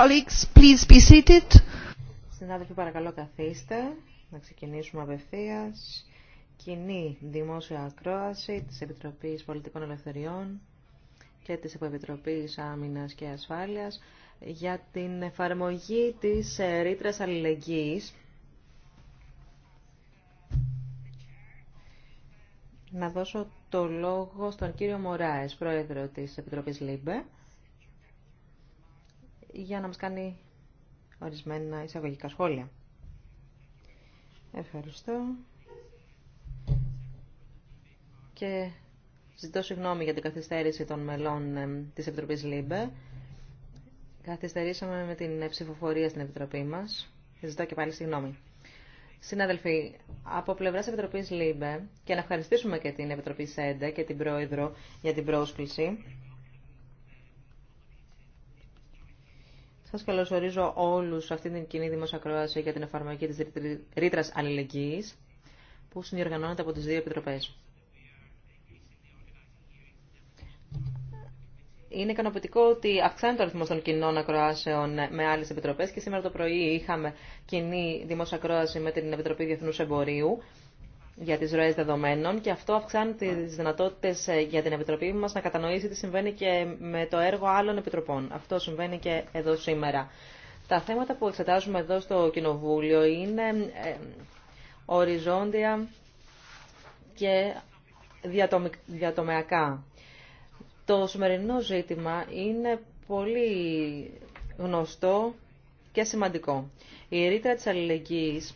Colleagues, please be seated. Συνάδελφοι, παρακαλώ καθίστε. Να ξεκινήσουμε απευθείας. Κοινή δημόσια ακρόαση της Επιτροπής Πολιτικών Ελευθεριών και της Επιτροπής Άμυνας και Ασφάλειας για την εφαρμογή της ε, ρήτρα αλληλεγγύης. Να δώσω το λόγο στον κύριο Μωράες, πρόεδρο της Επιτροπής ΛΥΜΠΕ για να μας κάνει ορισμένα εισαγωγικά σχόλια. Ευχαριστώ. Και ζητώ συγγνώμη για την καθυστέρηση των μελών ε, της Επιτροπής ΛΥΜΠΕ. Καθυστερήσαμε με την ε, ψηφοφορία στην Επιτροπή μας. Ζητώ και πάλι συγγνώμη. Συνάδελφοι, από πλευρά Επιτροπής ΛΥΜΠΕ και να ευχαριστήσουμε και την Επιτροπή ΣΕΝΤΕ και την Πρόεδρο για την πρόσκληση. Σας καλωσορίζω όλους σε αυτήν την κοινή κρόαση για την εφαρμογή της ρήτρα αλληλεγγύης που συνδιοργανώνεται από τις δύο επιτροπές. Είναι ικανοποιητικό ότι αυξάνεται ο αριθμό των κοινών ακροάσεων με άλλε επιτροπέ και σήμερα το πρωί είχαμε κοινή δημόσια ακρόαση με την Επιτροπή Διεθνού Εμπορίου για τις ροές δεδομένων και αυτό αυξάνει τις δυνατότητες ε, για την Επιτροπή μας να κατανοήσει τι συμβαίνει και με το έργο άλλων Επιτροπών. Αυτό συμβαίνει και εδώ σήμερα. Τα θέματα που εξετάζουμε εδώ στο Κοινοβούλιο είναι ε, οριζόντια και διατομεακά. Το σημερινό ζήτημα είναι πολύ γνωστό και σημαντικό. Η ρήτρα της αλληλεγγύης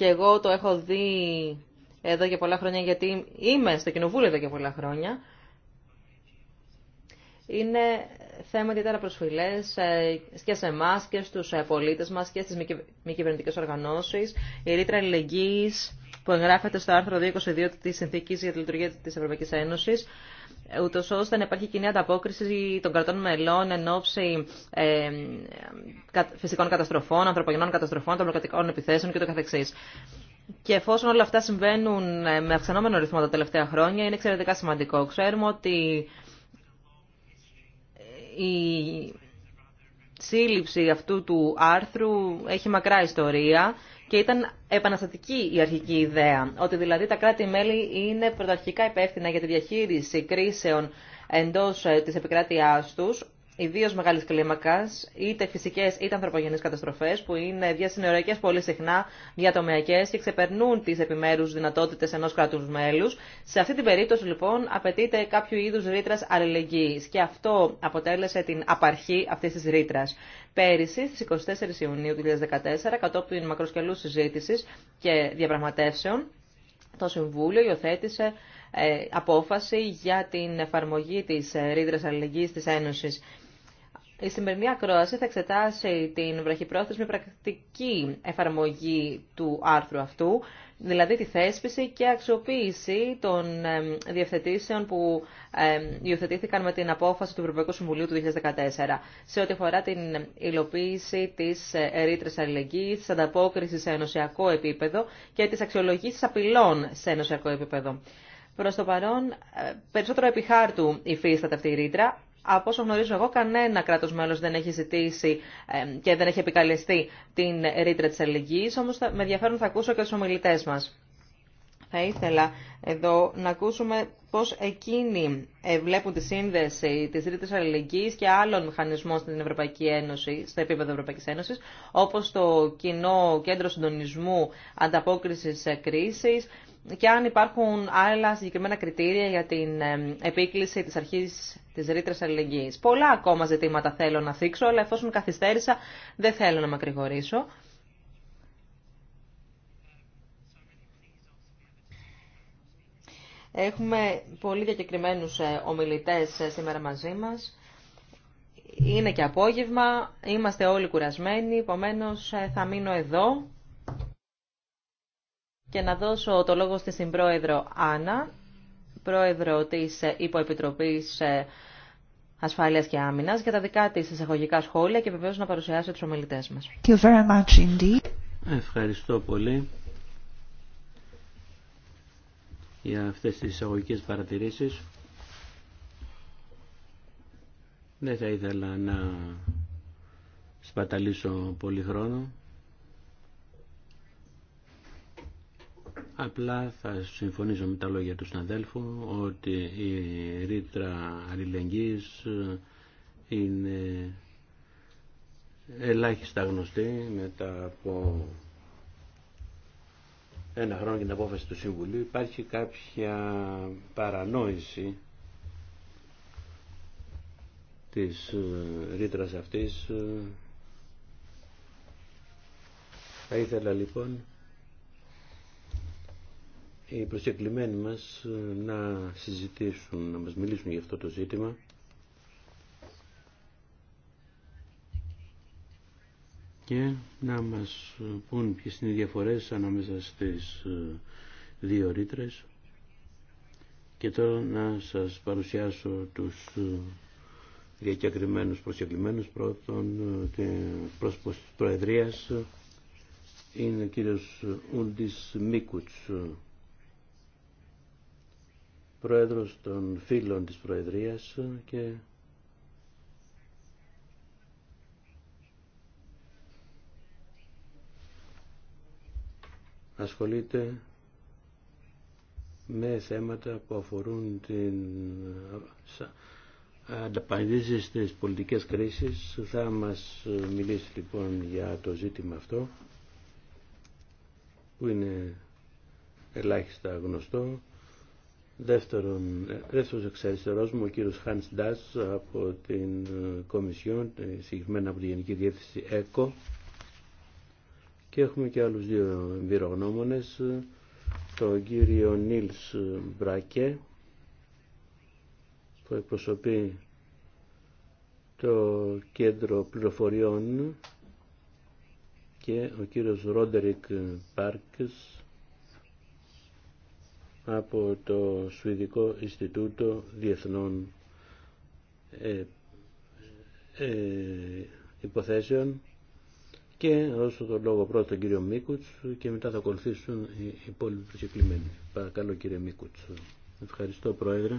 και εγώ το έχω δει εδώ και πολλά χρόνια γιατί είμαι στο κοινοβούλιο εδώ και πολλά χρόνια. Είναι θέμα ιδιαίτερα προσφυλέ ε, και σε εμά και στου ε, πολίτε μα και στι μη κυβερνητικέ οργανώσει. Η ρήτρα αλληλεγγύη που εγγράφεται στο άρθρο 22 τη Συνθήκη για τη Λειτουργία τη Ευρωπαϊκή Ένωση ούτως ώστε να υπάρχει κοινή ανταπόκριση των κρατών μελών εν ώψη ε, φυσικών καταστροφών, ανθρωπογενών καταστροφών, τρομοκρατικών επιθέσεων κ.ο.κ. Και εφόσον όλα αυτά συμβαίνουν ε, με αυξανόμενο ρυθμό τα τελευταία χρόνια, είναι εξαιρετικά σημαντικό. Ξέρουμε ότι ε, η σύλληψη αυτού του άρθρου έχει μακρά ιστορία και ήταν επαναστατική η αρχική ιδέα, ότι δηλαδή τα κράτη-μέλη είναι πρωταρχικά υπεύθυνα για τη διαχείριση κρίσεων εντός ε, της επικράτειάς τους, ιδίω μεγάλη κλίμακα, είτε φυσικέ είτε ανθρωπογενεί καταστροφέ, που είναι διασυνοριακέ πολύ συχνά, διατομιακέ και ξεπερνούν τι επιμέρου δυνατότητε ενό κράτου μέλου. Σε αυτή την περίπτωση, λοιπόν, απαιτείται κάποιο είδου ρήτρα αλληλεγγύη. Και αυτό αποτέλεσε την απαρχή αυτή τη ρήτρα. Πέρυσι, στι 24 Ιουνίου 2014, κατόπιν μακροσκελού συζήτηση και διαπραγματεύσεων, το Συμβούλιο υιοθέτησε ε, απόφαση για την εφαρμογή της ε, ρήτρας αλληλεγγύης της Ένωσης η σημερινή ακρόαση θα εξετάσει την βραχυπρόθεσμη πρακτική εφαρμογή του άρθρου αυτού, δηλαδή τη θέσπιση και αξιοποίηση των διευθετήσεων που υιοθετήθηκαν με την απόφαση του Ευρωπαϊκού Συμβουλίου του 2014 σε ό,τι αφορά την υλοποίηση της ε, ρήτρας αλληλεγγύης, της ανταπόκρισης σε ενωσιακό επίπεδο και της αξιολογήσης απειλών σε ενωσιακό επίπεδο. Προς το παρόν, ε, περισσότερο επί χάρτου υφίσταται αυτή η ρήτρα, από όσο γνωρίζω εγώ, κανένα κράτο μέλο δεν έχει ζητήσει και δεν έχει επικαλεστεί την ρήτρα τη αλληλεγγύη, όμω με ενδιαφέρον θα ακούσω και του ομιλητέ μα. Θα ήθελα εδώ να ακούσουμε πώς εκείνοι ε, βλέπουν τη σύνδεση της ρήτρα αλληλεγγύη και άλλων μηχανισμών στην Ευρωπαϊκή Ένωση, στο επίπεδο Ευρωπαϊκή Ένωση, όπω το Κοινό Κέντρο Συντονισμού Ανταπόκρισης κρίση και αν υπάρχουν άλλα συγκεκριμένα κριτήρια για την επίκληση της αρχής της ρήτρας αλληλεγγύης. Πολλά ακόμα ζητήματα θέλω να θίξω, αλλά εφόσον καθυστέρησα δεν θέλω να μακρηγορήσω. Έχουμε πολύ διακεκριμένους ε, ομιλητές ε, σήμερα μαζί μας. Είναι και απόγευμα, είμαστε όλοι κουρασμένοι, επομένως ε, θα μείνω εδώ και να δώσω το λόγο στη συμπρόεδρο Άννα, πρόεδρο της Υποεπιτροπής ε, Ασφάλειας και Άμυνας, για τα δικά της εισαγωγικά σχόλια και βεβαίως να παρουσιάσει τους ομιλητές μας. you very much Ευχαριστώ πολύ για αυτές τις εισαγωγικέ παρατηρήσεις. Δεν θα ήθελα να σπαταλήσω πολύ χρόνο. Απλά θα συμφωνήσω με τα λόγια του συναδέλφου ότι η ρήτρα αλληλεγγύης είναι ελάχιστα γνωστή μετά από ένα χρόνο και την απόφαση του Συμβουλίου υπάρχει κάποια παρανόηση της ε, ρήτρα αυτής. Ε, θα ήθελα λοιπόν οι προσκεκλημένοι μας ε, να συζητήσουν, να μας μιλήσουν για αυτό το ζήτημα. και να μας πούν ποιες είναι οι διαφορές ανάμεσα στις ε, δύο ρήτρε. και τώρα να σας παρουσιάσω τους ε, διακεκριμένους προσκεκλημένους πρώτον πρόσωπος της Προεδρίας είναι ο κύριος Ούντις Μίκουτς πρόεδρος των φίλων της Προεδρίας και ασχολείται με θέματα που αφορούν την ανταπαντήσεις στις πολιτικές κρίσεις. Θα μας μιλήσει λοιπόν για το ζήτημα αυτό που είναι ελάχιστα γνωστό Δεύτερον, ε, δεύτερος εξαριστερός μου, ο κύριος Χάνς Ντάς από την ε, Κομισιόν, ε, συγκεκριμένα από τη Γενική Διεύθυνση ΕΚΟ. Και έχουμε και άλλους δύο εμπειρογνώμονες, τον κύριο Νίλς Μπρακέ, που εκπροσωπεί το Κέντρο Πληροφοριών και ο κύριος Ρόντερικ Πάρκς από το Σουηδικό Ινστιτούτο Διεθνών ε, ε Υποθέσεων και δώσω τον λόγο πρώτα τον κύριο Μίκουτς και μετά θα ακολουθήσουν οι υπόλοιποι προσκεκλημένοι. Παρακαλώ κύριε Μίκουτς. Ευχαριστώ Πρόεδρε.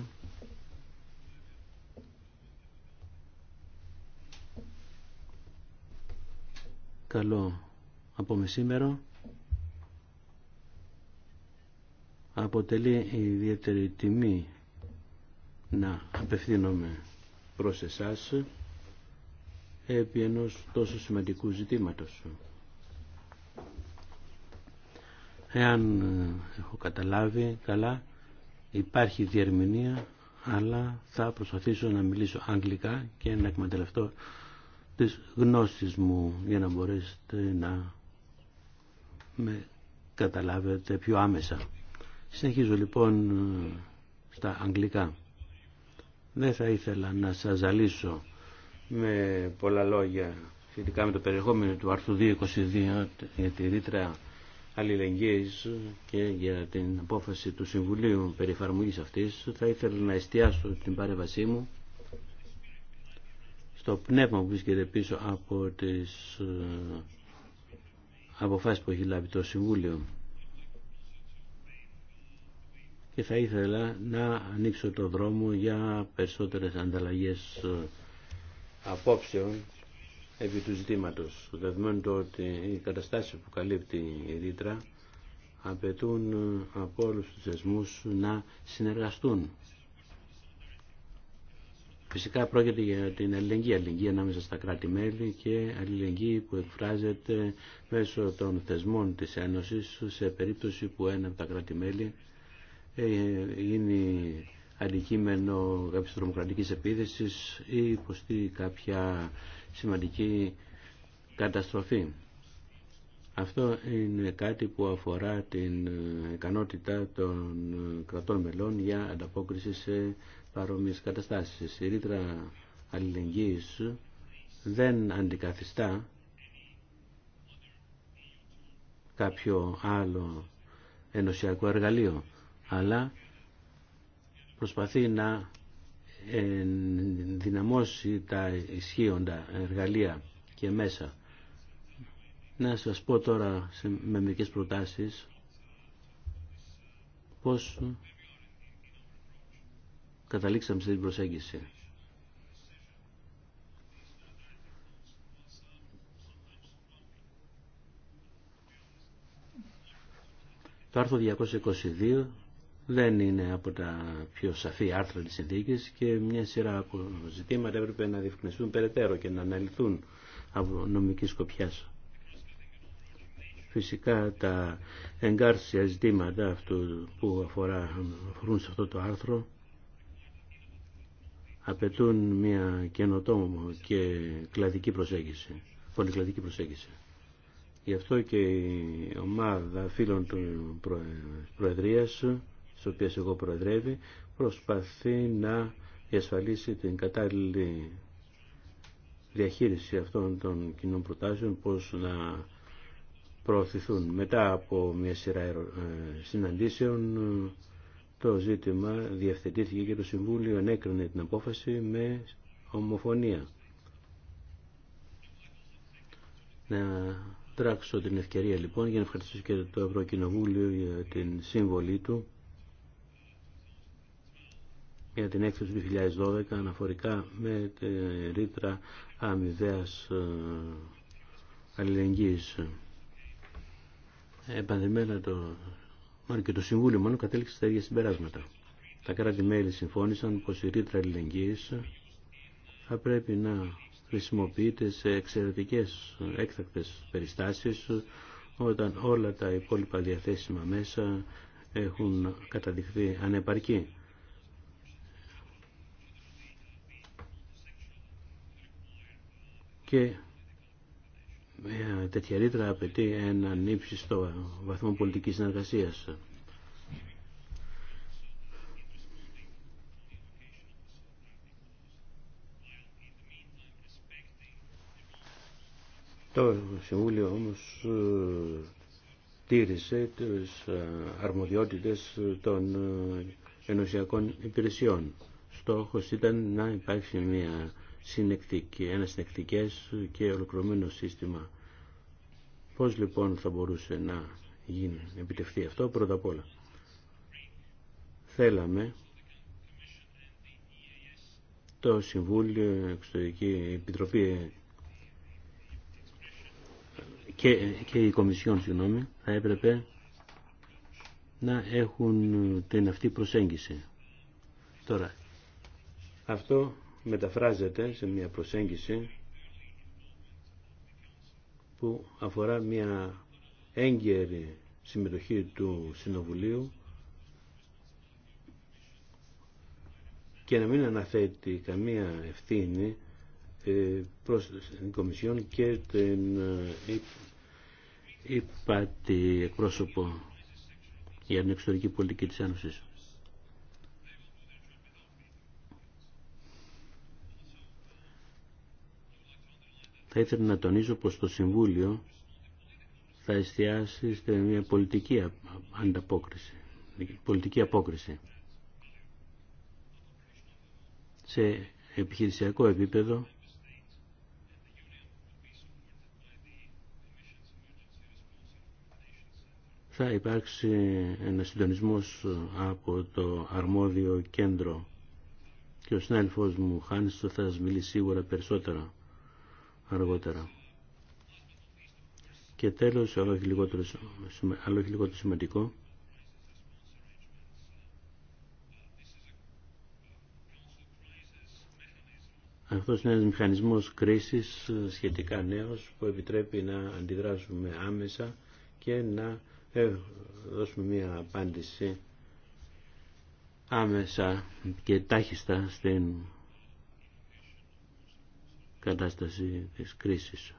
Καλό από μεσήμερο. αποτελεί ιδιαίτερη τιμή να απευθύνομαι προς εσάς επί ενός τόσο σημαντικού ζητήματος. Εάν έχω καταλάβει καλά, υπάρχει διερμηνία, αλλά θα προσπαθήσω να μιλήσω αγγλικά και να εκμεταλλευτώ τις γνώσεις μου για να μπορέσετε να με καταλάβετε πιο άμεσα. Συνεχίζω λοιπόν ε, στα αγγλικά. Δεν θα ήθελα να σας ζαλίσω με πολλά λόγια σχετικά με το περιεχόμενο του ΑΡΘΟΥ 22 για τη ρήτρα αλληλεγγύης και για την απόφαση του Συμβουλίου περιφαρμογής αυτής θα ήθελα να εστιάσω την παρέμβασή μου στο πνεύμα που βρίσκεται πίσω από τις ε, αποφάσεις που έχει λάβει το Συμβούλιο και θα ήθελα να ανοίξω το δρόμο για περισσότερες ανταλλαγές ε, απόψεων επί του ζητήματος. Δεδομένου το ότι οι καταστάσεις που καλύπτει η Ρήτρα απαιτούν ε, από όλους τους θεσμούς να συνεργαστούν. Φυσικά πρόκειται για την αλληλεγγύη, αλληλεγγύη ανάμεσα στα κράτη-μέλη και αλληλεγγύη που εκφράζεται μέσω των θεσμών της Ένωσης σε περίπτωση που ένα από τα κράτη-μέλη γίνει ε, αντικείμενο κάποιες τρομοκρατικής επίθεσης ή υποστεί κάποια σημαντική καταστροφή. Αυτό είναι κάτι που αφορά την ικανότητα των κρατών μελών για ανταπόκριση σε παρόμοιες καταστάσεις. Η ρήτρα αλληλεγγύης δεν αντικαθιστά κάποιο άλλο ενωσιακό εργαλείο αλλά προσπαθεί να δυναμώσει τα ισχύοντα εργαλεία και μέσα. Να σας πω τώρα με μερικές προτάσεις πώς καταλήξαμε στην προσέγγιση. Το άρθρο 222 δεν είναι από τα πιο σαφή άρθρα της συνθήκης και μια σειρά από ζητήματα έπρεπε να διευκρινιστούν περαιτέρω και να αναλυθούν από νομική σκοπιά. Φυσικά τα εγκάρσια ζητήματα αυτού που αφορά, αφορούν σε αυτό το άρθρο απαιτούν μια καινοτόμο και κλαδική προσέγγιση, πολυκλαδική προσέγγιση. Γι' αυτό και η ομάδα φίλων του Προεδρίας το οποίες εγώ προεδρεύει, προσπαθεί να διασφαλίσει την κατάλληλη διαχείριση αυτών των κοινών προτάσεων, πώς να προωθηθούν. Μετά από μια σειρά ε, συναντήσεων, το ζήτημα διευθετήθηκε και το Συμβούλιο ενέκρινε την απόφαση με ομοφωνία. Να τράξω την ευκαιρία λοιπόν για να ευχαριστήσω και το Ευρωκοινοβούλιο για την σύμβολή του για την έκθεση του 2012 αναφορικά με τη ρήτρα αμοιβαίας ε, αλληλεγγύης. Επανδημένα το, και το Συμβούλιο μόνο κατέληξε στα ίδια συμπεράσματα. Τα κράτη-μέλη συμφώνησαν πως η ρήτρα αλληλεγγύης θα πρέπει να χρησιμοποιείται σε εξαιρετικές έκτακτες περιστάσεις όταν όλα τα υπόλοιπα διαθέσιμα μέσα έχουν καταδειχθεί ανεπαρκή. και μια τέτοια ρήτρα απαιτεί έναν ύψιστο βαθμό πολιτικής συνεργασίας. Το Συμβούλιο όμως ε, τήρησε τις ε, αρμοδιότητες των ε, ενωσιακών υπηρεσιών. Στόχος ήταν να υπάρξει μια συνεκτική, ένα συνεκτικές και ολοκληρωμένο σύστημα. Πώς λοιπόν θα μπορούσε να γίνει, επιτευχθεί αυτό πρώτα απ' όλα. Θέλαμε το Συμβούλιο Εξωτερική Επιτροπή και, και η Κομισιόν συγγνώμη, θα έπρεπε να έχουν την αυτή προσέγγιση. Τώρα, αυτό μεταφράζεται σε μια προσέγγιση που αφορά μια έγκαιρη συμμετοχή του Συνοβουλίου και να μην αναθέτει καμία ευθύνη ε, προς την Κομισιόν και την είπα εκπρόσωπο για την εξωτερική πολιτική της Ένωσης. Θα ήθελα να τονίζω πως το Συμβούλιο θα εστιάσει σε μια πολιτική ανταπόκριση, πολιτική απόκριση. Σε επιχειρησιακό επίπεδο θα υπάρξει ένα συντονισμός από το αρμόδιο κέντρο και ο συνάδελφός μου Χάνιστο θα σας μιλήσει σίγουρα περισσότερα αργότερα. Και τέλος, αλλά όχι λιγότερο, αλλά σημαντικό, Αυτός είναι ένας μηχανισμός κρίσης σχετικά νέος που επιτρέπει να αντιδράσουμε άμεσα και να ε, δώσουμε μία απάντηση άμεσα και τάχιστα στην κατάσταση της κρίσης.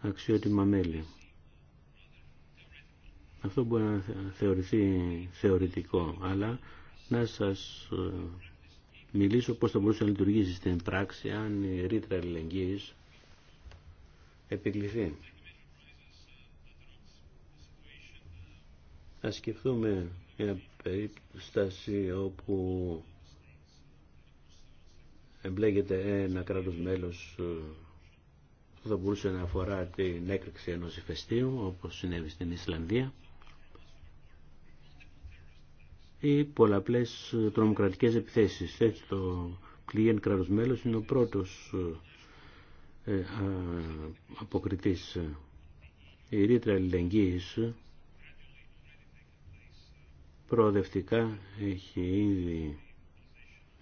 Αξιότιμα μέλη. Αυτό μπορεί να θεωρηθεί θεωρητικό, αλλά να σας ε, μιλήσω πώς θα μπορούσε να λειτουργήσει στην πράξη αν η ρήτρα αλληλεγγύης επικληθεί. Ας σκεφτούμε μια περίπτωση όπου εμπλέγεται ένα κράτος μέλος που ε, θα μπορούσε να αφορά την έκρηξη ενός ηφαιστείου όπως συνέβη στην Ισλανδία ή πολλαπλές τρομοκρατικές επιθέσεις. Έτσι το κλειέν κράτος μέλος είναι ο πρώτος ε, ε, αποκριτής. Η ρήτρα αλληλεγγύης προοδευτικά έχει ήδη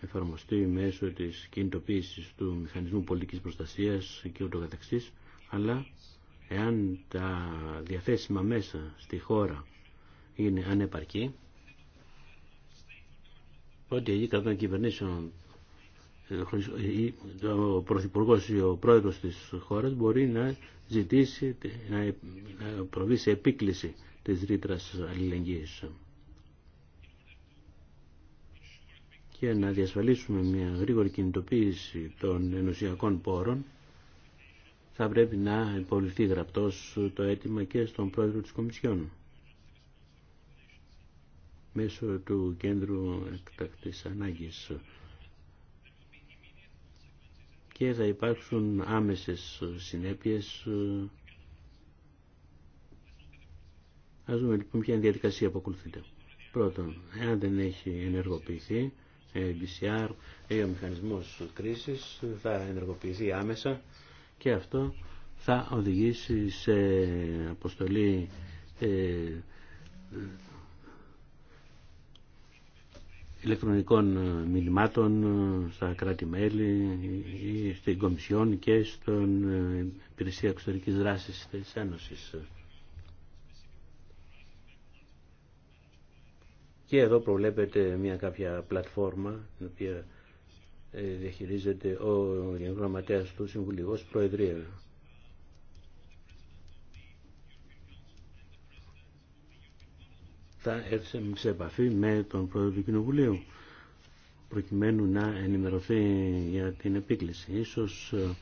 εφαρμοστεί μέσω της κινητοποίησης του μηχανισμού πολιτικής προστασίας και ούτω καθεξής, αλλά εάν τα διαθέσιμα μέσα στη χώρα είναι ανεπαρκή, ό,τι κατά κυβερνήσεων ο Πρωθυπουργό ή ο Πρόεδρο τη χώρα μπορεί να ζητήσει, να προβεί σε επίκληση τη ρήτρα αλληλεγγύη. Για να διασφαλίσουμε μια γρήγορη κινητοποίηση των ενωσιακών πόρων θα πρέπει να υποβληθεί γραπτός το αίτημα και στον πρόεδρο της Κομισιόν μέσω του κέντρου εκτακτής ανάγκης και θα υπάρξουν άμεσες συνέπειες Ας δούμε λοιπόν ποια διαδικασία που Πρώτον, εάν δεν έχει ενεργοποιηθεί, BCR ε, ή ε, ο μηχανισμός κρίσης θα ενεργοποιηθεί άμεσα και αυτό θα οδηγήσει σε αποστολή ε, ηλεκτρονικών μηνυμάτων στα κράτη-μέλη ή στην Κομισιόν και στον Υπηρεσία Εξωτερικής Δράσης της Ένωσης. Και εδώ προβλέπεται μια κάποια πλατφόρμα την οποία ε, διαχειρίζεται ο Γενικός Γραμματέας του Συμβουλίου ως Προεδρία. Θα έρθει σε επαφή με τον Πρόεδρο του Κοινοβουλίου προκειμένου να ενημερωθεί για την επίκληση. Ίσως ε,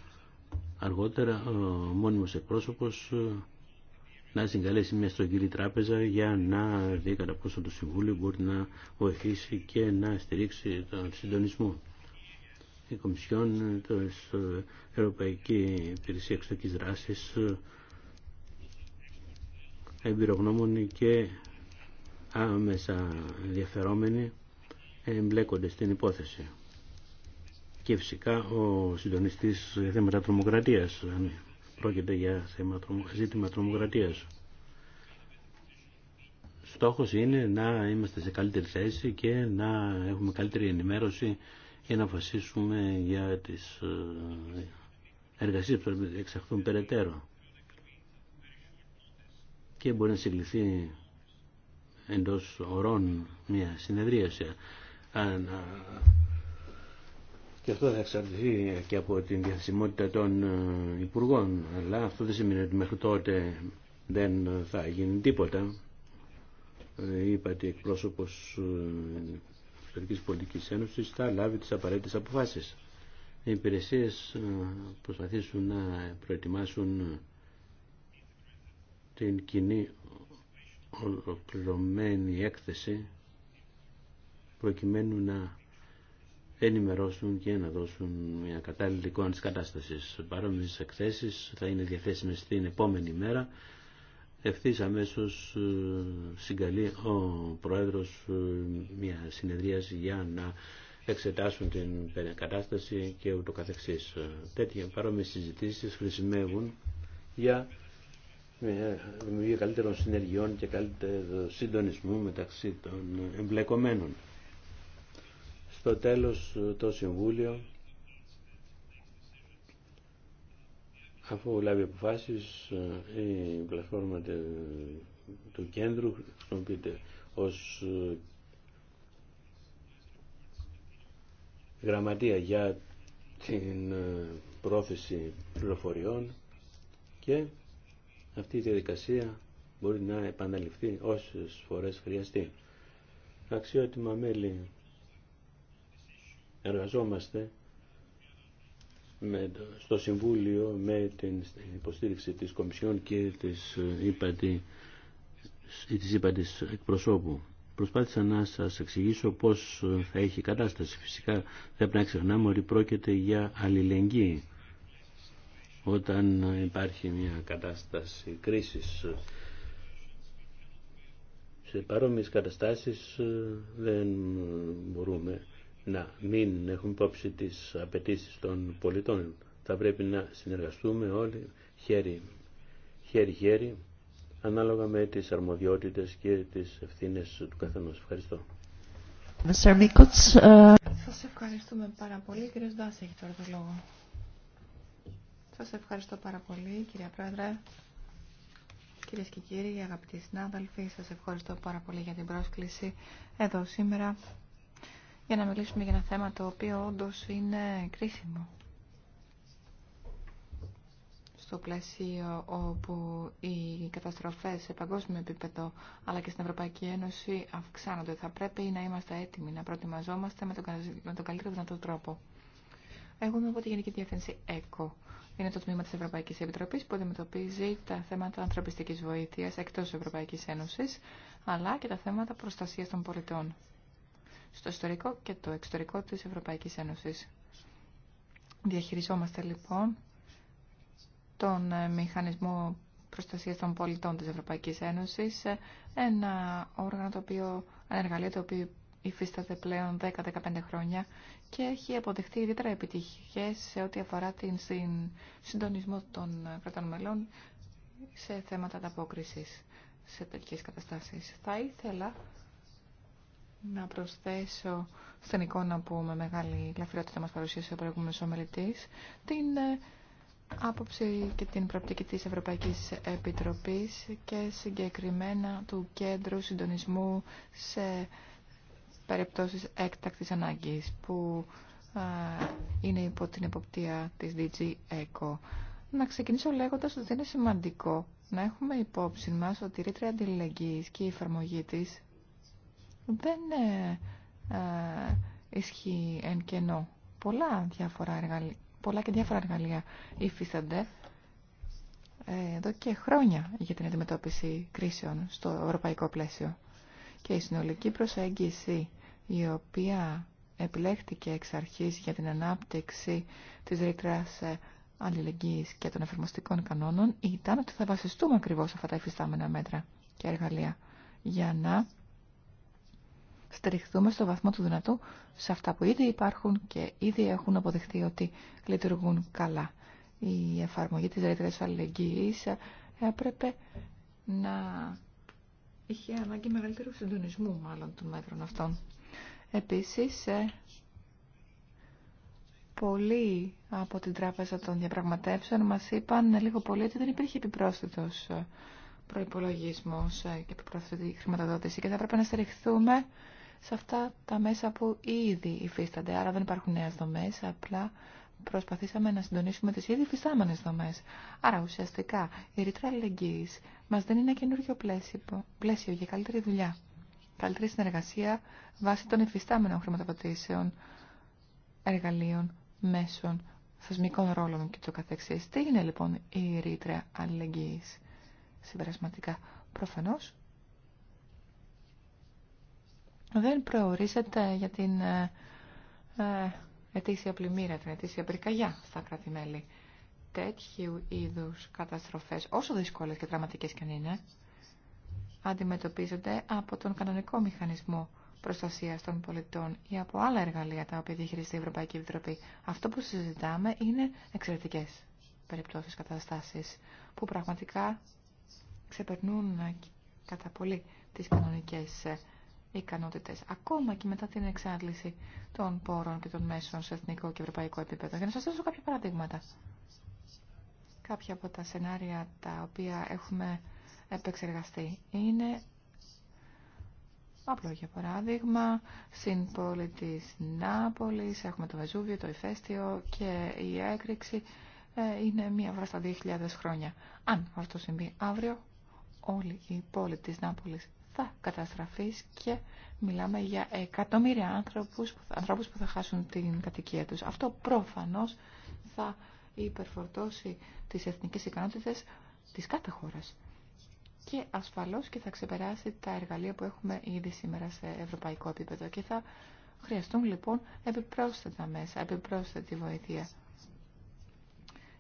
αργότερα ο μόνιμος εκπρόσωπος ε, να συγκαλέσει μια στρογγυλή τράπεζα για να δει κατά πόσο το Συμβούλιο μπορεί να βοηθήσει και να στηρίξει τον συντονισμό. Η Κομισιόν, η Ευρωπαϊκή Υπηρεσία Εξωτική Δράση εμπειρογνώμονοι και άμεσα ενδιαφερόμενοι εμπλέκονται στην υπόθεση. Και φυσικά ο συντονιστής θέματα τρομοκρατίας πρόκειται για θέμα, ζήτημα τρομοκρατίας. Στόχος είναι να είμαστε σε καλύτερη θέση και να έχουμε καλύτερη ενημέρωση για να αποφασίσουμε για τις ε, εργασίες που να εξαχθούν περαιτέρω. Και μπορεί να συγκληθεί εντός ορών μια συνεδρίαση και αυτό θα εξαρτηθεί και από την διαθεσιμότητα των ε, Υπουργών αλλά αυτό δεν σημαίνει ότι μέχρι τότε δεν θα γίνει τίποτα ε, είπατε εκπρόσωπος ε, Ιστορικής Πολιτικής Ένωσης θα λάβει τις απαραίτητες αποφάσεις οι υπηρεσίες προσπαθήσουν να προετοιμάσουν την κοινή ολοκληρωμένη έκθεση προκειμένου να ενημερώσουν και να δώσουν μια κατάλληλη εικόνα τη κατάστασης. Παρόμοιες εκθέσεις θα είναι διαθέσιμες την επόμενη μέρα. Ευθύς αμέσως ε, συγκαλεί ο Πρόεδρος ε, μια συνεδρίαση για να εξετάσουν την κατάσταση και ούτω καθεξής. Ε, τέτοια παρόμοιες συζητήσεις χρησιμεύουν για δημιουργία καλύτερων συνεργειών και καλύτερο συντονισμού μεταξύ των εμπλεκομένων. Στο τέλος ε, το Συμβούλιο αφού λάβει αποφάσεις ε, η πλατφόρμα του κέντρου χρησιμοποιείται ως ε, γραμματεία για την πρόθεση πληροφοριών και αυτή η διαδικασία μπορεί να επαναληφθεί όσες φορές χρειαστεί. Αξιότιμα μέλη εργαζόμαστε με, στο Συμβούλιο με την υποστήριξη της Κομισιόν και της ΥΠΑΤΗ ε, ε, της ύπαντης εκπροσώπου. Προσπάθησα να σας εξηγήσω πώς ε, θα έχει η κατάσταση. Φυσικά δεν πρέπει να ξεχνάμε ότι πρόκειται για αλληλεγγύη. Όταν υπάρχει μια κατάσταση κρίσης, σε παρόμοιες καταστάσεις δεν μπορούμε να μην έχουμε υπόψη τις απαιτήσεις των πολιτών. Θα πρέπει να συνεργαστούμε όλοι χέρι-χέρι ανάλογα με τις αρμοδιότητες και τις ευθύνες του καθενός. Ευχαριστώ. Ε, σας ευχαριστούμε πάρα πολύ. Κύριε έχει τώρα το λόγο. Σας ευχαριστώ πάρα πολύ κυρία Πρόεδρε. Κυρίες και κύριοι, αγαπητοί συνάδελφοι, σας ευχαριστώ πάρα πολύ για την πρόσκληση εδώ σήμερα για να μιλήσουμε για ένα θέμα το οποίο όντω είναι κρίσιμο στο πλαίσιο όπου οι καταστροφές σε παγκόσμιο επίπεδο αλλά και στην Ευρωπαϊκή Ένωση αυξάνονται. Θα πρέπει να είμαστε έτοιμοι να προετοιμαζόμαστε με τον, καλύτερο δυνατό τρόπο. Εγώ είμαι από τη Γενική Διεύθυνση ΕΚΟ. Είναι το τμήμα της Ευρωπαϊκής Επιτροπής που αντιμετωπίζει τα θέματα ανθρωπιστικής βοήθειας εκτός της Ευρωπαϊκής αλλά και τα θέματα προστασίας των πολιτών στο ιστορικό και το εξωτερικό της Ευρωπαϊκής Ένωσης. Διαχειριζόμαστε λοιπόν τον ε, μηχανισμό προστασίας των πολιτών της Ευρωπαϊκής Ένωσης, ε, ένα όργανο το οποίο, ένα εργαλείο το οποίο υφίσταται πλέον 10-15 χρόνια και έχει αποδεχτεί ιδιαίτερα επιτυχίες σε ό,τι αφορά την συντονισμό των ε, κρατών μελών σε θέματα ανταπόκριση σε τέτοιε καταστάσεις. Θα ήθελα να προσθέσω στην εικόνα που με μεγάλη λαφυρότητα μας παρουσίασε ο προηγούμενος ομιλητής την ε, άποψη και την προοπτική της Ευρωπαϊκής Επιτροπής και συγκεκριμένα του Κέντρου Συντονισμού σε περιπτώσεις έκτακτης ανάγκης που ε, είναι υπό την εποπτεία της DG ECO. Να ξεκινήσω λέγοντας ότι είναι σημαντικό να έχουμε υπόψη μας ότι η ρήτρια αντιλεγγύης και η εφαρμογή της δεν ε, ε, ισχύει εν κενό. Πολλά, διάφορα εργαλεία, πολλά και διάφορα εργαλεία υφίστανται ε, εδώ και χρόνια για την αντιμετώπιση κρίσεων στο ευρωπαϊκό πλαίσιο. Και η συνολική προσέγγιση η οποία επιλέχτηκε εξ αρχής για την ανάπτυξη της ρήτρας ε, αλληλεγγύης και των εφαρμοστικών κανόνων ήταν ότι θα βασιστούμε ακριβώς αυτά τα υφιστάμενα μέτρα και εργαλεία για να στηριχθούμε στο βαθμό του δυνατού σε αυτά που ήδη υπάρχουν και ήδη έχουν αποδεχτεί ότι λειτουργούν καλά. Η εφαρμογή της ρήτρας αλληλεγγύης έπρεπε να είχε ανάγκη μεγαλύτερου συντονισμού μάλλον των μέτρων αυτών. Επίσης, ε, πολλοί από την Τράπεζα των Διαπραγματεύσεων μας είπαν λίγο πολύ ότι δεν υπήρχε επιπρόσθετος ε, προϋπολογισμός ε, και επιπρόσθετη χρηματοδότηση και θα έπρεπε να στηριχθούμε σε αυτά τα μέσα που ήδη υφίστανται. Άρα δεν υπάρχουν νέες δομές, απλά προσπαθήσαμε να συντονίσουμε τις ήδη υφιστάμενες δομές. Άρα ουσιαστικά η ρήτρα αλληλεγγύης μας δίνει ένα καινούργιο πλαίσιο, πλαίσιο για καλύτερη δουλειά, καλύτερη συνεργασία βάσει των υφιστάμενων χρηματοδοτήσεων, εργαλείων, μέσων, θεσμικών ρόλων και Τι είναι λοιπόν η ρήτρα αλληλεγγύης συμπερασματικά. Προφανώς δεν προορίζεται για την ε, ε, ετήσια πλημμύρα, την ετήσια πυρκαγιά στα κράτη-μέλη. Τέτοιου είδους καταστροφές, όσο δύσκολες και δραματικές και αν είναι, αντιμετωπίζονται από τον κανονικό μηχανισμό προστασία των πολιτών ή από άλλα εργαλεία τα οποία διαχειριστεί η Ευρωπαϊκή Επιτροπή. Αυτό που συζητάμε είναι εξαιρετικέ περιπτώσει, καταστάσει που πραγματικά ξεπερνούν κατά πολύ τι κανονικέ ε, ακόμα και μετά την εξάντληση των πόρων και των μέσων σε εθνικό και ευρωπαϊκό επίπεδο. Για να σας δώσω κάποια παραδείγματα. Κάποια από τα σενάρια τα οποία έχουμε επεξεργαστεί είναι Απλό για παράδειγμα, στην πόλη της Νάπολης έχουμε το Βεζούβιο, το Ηφαίστειο και η έκρηξη ε, είναι μία φορά στα 2.000 χρόνια. Αν αυτό συμβεί αύριο, όλη η πόλη της Νάπολης θα καταστραφεί και μιλάμε για εκατομμύρια άνθρωπους, ανθρώπους που θα χάσουν την κατοικία τους. Αυτό προφανώς θα υπερφορτώσει τις εθνικές ικανότητες της κάθε χώρας και ασφαλώς και θα ξεπεράσει τα εργαλεία που έχουμε ήδη σήμερα σε ευρωπαϊκό επίπεδο και θα χρειαστούν λοιπόν επιπρόσθετα μέσα, επιπρόσθετη βοήθεια.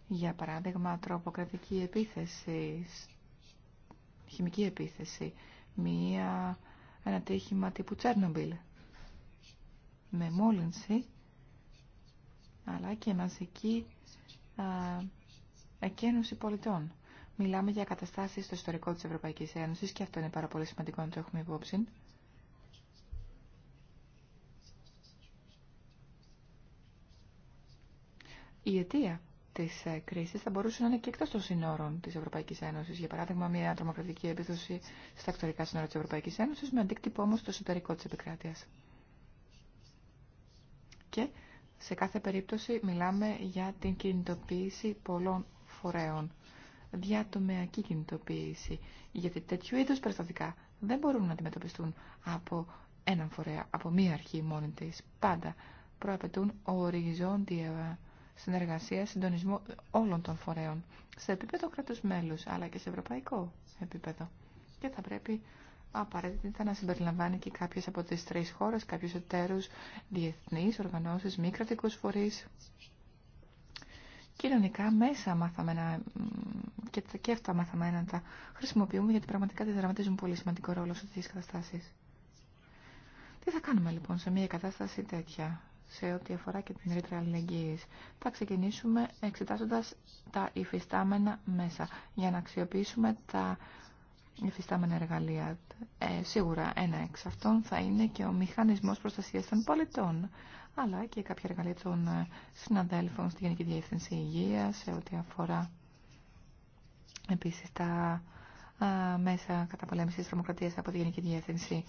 Για παράδειγμα, τροποκρατική επίθεση, χημική επίθεση, μία, ένα τύχημα τύπου Τσέρνομπιλ με μόλυνση αλλά και μαζική α, εκένωση πολιτών. Μιλάμε για καταστάσεις στο ιστορικό της Ευρωπαϊκής Ένωσης και αυτό είναι πάρα πολύ σημαντικό να το έχουμε υπόψη. Η αιτία Τη ε, κρίση θα μπορούσε να είναι και εκτό των συνόρων τη Ευρωπαϊκή Ένωση, Για παράδειγμα, μια τρομοκρατική επίδοση στα εξωτερικά σύνορα τη Ευρωπαϊκή Ένωση, με αντίκτυπο όμω στο εσωτερικό τη επικράτεια. Και σε κάθε περίπτωση μιλάμε για την κινητοποίηση πολλών φορέων. Διατομεακή κινητοποίηση. Γιατί τέτοιου είδου περιστατικά δεν μπορούν να αντιμετωπιστούν από έναν φορέα, από μία αρχή μόνη τη, Πάντα προαπαιτούν οριζόντια συνεργασία, συντονισμό όλων των φορέων σε επίπεδο κράτους μέλους αλλά και σε ευρωπαϊκό επίπεδο. Και θα πρέπει απαραίτητα να συμπεριλαμβάνει και κάποιες από τις τρεις χώρες, κάποιους εταίρους, διεθνείς, οργανώσεις, μη κρατικούς φορείς. Κοινωνικά μέσα μαθαμένα και, και αυτά μαθαμένα τα χρησιμοποιούμε γιατί πραγματικά δραματίζουν πολύ σημαντικό ρόλο σε τις καταστάσεις. Τι θα κάνουμε λοιπόν σε μια κατάσταση τέτοια σε ό,τι αφορά και την ρήτρα αλληλεγγύης. Θα ξεκινήσουμε εξετάζοντας τα υφιστάμενα μέσα για να αξιοποιήσουμε τα υφιστάμενα εργαλεία. Ε, σίγουρα ένα εξ αυτών θα είναι και ο μηχανισμός προστασίας των πολιτών, αλλά και κάποια εργαλεία των ε, συναδέλφων στη Γενική Διεύθυνση Υγείας σε ό,τι αφορά επίσης τα ε, μέσα καταπολέμησης τρομοκρατίας από τη Γενική Διεύθυνση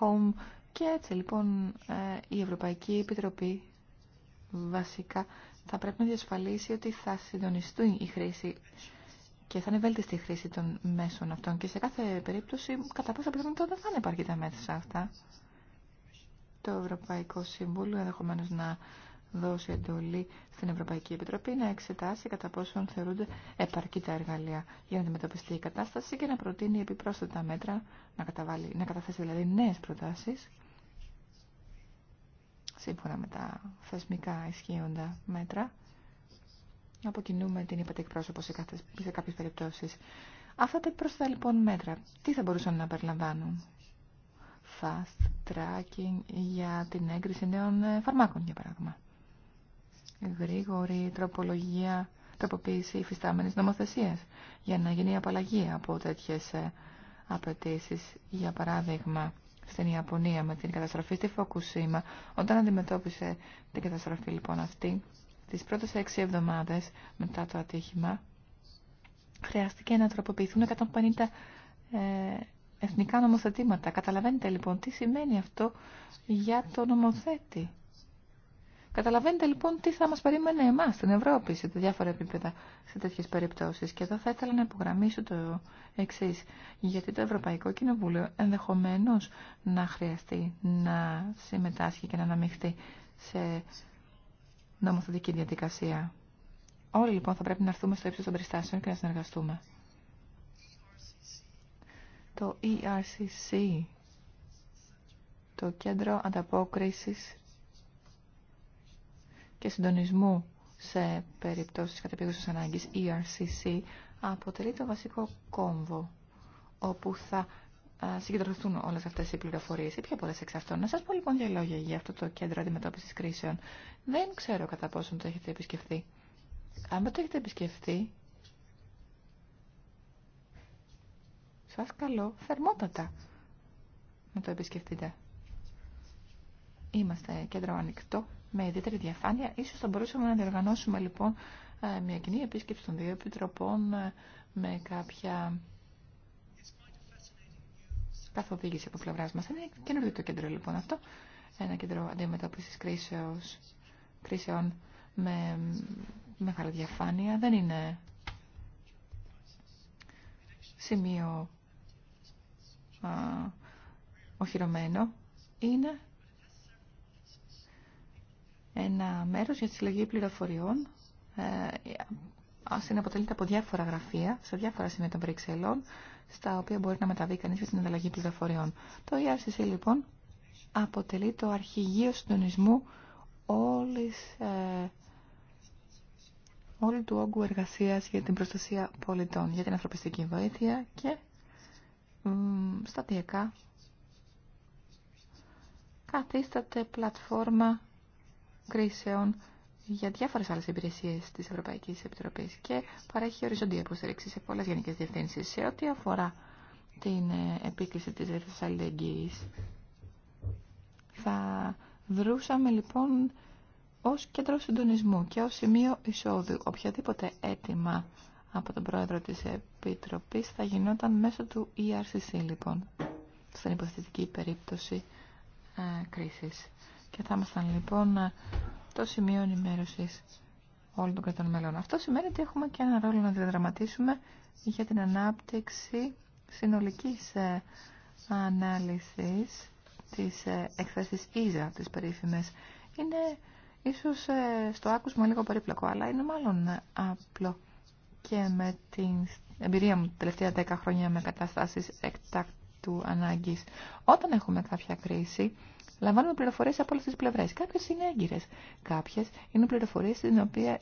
Home και έτσι λοιπόν ε, η Ευρωπαϊκή Επιτροπή βασικά θα πρέπει να διασφαλίσει ότι θα συντονιστούν η χρήση και θα είναι βέλτιστη η χρήση των μέσων αυτών. Και σε κάθε περίπτωση, κατά πάσα πιθανότητα, δεν θα είναι επαρκή τα μέσα αυτά. Το Ευρωπαϊκό Συμβούλιο ενδεχομένω να δώσει εντολή στην Ευρωπαϊκή Επιτροπή να εξετάσει κατά πόσον θεωρούνται επαρκή τα εργαλεία για να αντιμετωπιστεί η κατάσταση και να προτείνει επιπρόσθετα μέτρα, να, καταβάλει, να καταθέσει δηλαδή νέε προτάσει σύμφωνα με τα θεσμικά ισχύοντα μέτρα. Αποκινούμε την είπατε εκπρόσωπο σε, κάθε, σε κάποιες περιπτώσεις. Αυτά τα επιπρόσθετα λοιπόν μέτρα, τι θα μπορούσαν να περιλαμβάνουν fast tracking για την έγκριση νέων φαρμάκων, για παράδειγμα γρήγορη τροπολογία, τροποποίηση υφιστάμενης νομοθεσίας για να γίνει απαλλαγή από τέτοιες ε, απαιτήσει. Για παράδειγμα, στην Ιαπωνία με την καταστροφή στη Φοκουσίμα, όταν αντιμετώπισε την καταστροφή λοιπόν αυτή, τις πρώτες έξι εβδομάδες μετά το ατύχημα, χρειάστηκε να τροποποιηθούν 150 ε, εθνικά νομοθετήματα. Καταλαβαίνετε λοιπόν τι σημαίνει αυτό για το νομοθέτη. Καταλαβαίνετε λοιπόν τι θα μας περίμενε εμά, στην Ευρώπη σε διάφορα επίπεδα σε τέτοιες περιπτώσεις. Και εδώ θα ήθελα να υπογραμμίσω το εξή. γιατί το Ευρωπαϊκό Κοινοβούλιο ενδεχομένως να χρειαστεί να συμμετάσχει και να αναμειχθεί σε νομοθετική διαδικασία. Όλοι λοιπόν θα πρέπει να έρθουμε στο ύψο των περιστάσεων και να συνεργαστούμε. Το ERCC, το Κέντρο Ανταπόκρισης και συντονισμού σε περιπτώσεις κατεπίγουσας ανάγκης ERCC αποτελεί το βασικό κόμβο όπου θα συγκεντρωθούν όλες αυτές οι πληροφορίες ή πιο πολλές εξ αυτών. Να σας πω λοιπόν δύο λόγια για αυτό το κέντρο αντιμετώπισης κρίσεων. Δεν ξέρω κατά πόσο το έχετε επισκεφθεί. Αν το έχετε επισκεφθεί, σας καλώ θερμότατα να το επισκεφτείτε. Είμαστε κέντρο ανοιχτό με ιδιαίτερη διαφάνεια. Ίσως θα μπορούσαμε να διοργανώσουμε λοιπόν ε, μια κοινή επίσκεψη των δύο επιτροπών ε, με κάποια καθοδήγηση από πλευρά μα. Είναι καινούργιο το κέντρο λοιπόν αυτό. Ένα κέντρο αντιμετώπιση κρίσεων με μεγάλη διαφάνεια. Δεν είναι σημείο α, οχυρωμένο. Είναι ένα μέρος για τη συλλογή πληροφοριών ε, αποτελείται από διάφορα γραφεία σε διάφορα σημεία των Βρυξελών στα οποία μπορεί να μεταβεί κανείς για την ανταλλαγή πληροφοριών. Το ERCC λοιπόν αποτελεί το αρχηγείο συντονισμού όλης, ε, όλη του όγκου εργασίας για την προστασία πολιτών, για την ανθρωπιστική βοήθεια και ε, σταδιακά καθίσταται πλατφόρμα κρίσεων για διάφορε άλλε υπηρεσίε τη Ευρωπαϊκή Επιτροπή και παρέχει οριζοντία υποστήριξη σε πολλέ γενικέ διευθύνσει. Σε ό,τι αφορά την ε, επίκληση τη ρήτρα αλληλεγγύη, θα δρούσαμε λοιπόν ω κέντρο συντονισμού και ω σημείο εισόδου. Οποιαδήποτε αίτημα από τον πρόεδρο τη Επιτροπή θα γινόταν μέσω του ERCC, λοιπόν, στην υποθετική περίπτωση ε, κρίσης. Και θα ήμασταν λοιπόν το σημείο ενημέρωση όλων των κρατών μελών. Αυτό σημαίνει ότι έχουμε και ένα ρόλο να διαδραματίσουμε για την ανάπτυξη συνολικής ε, ανάλυσης της έκθεσης ε, ΙΖΑ, τις περίφημες. Είναι ίσως ε, στο άκουσμα λίγο περίπλοκο, αλλά είναι μάλλον απλό. Και με την εμπειρία μου τελευταία 10 χρόνια με καταστάσεις εκτάκτου ανάγκης, όταν έχουμε κάποια κρίση, Λαμβάνουμε πληροφορίε από όλε τι πλευρέ. Κάποιε είναι έγκυρε. Κάποιε είναι πληροφορίε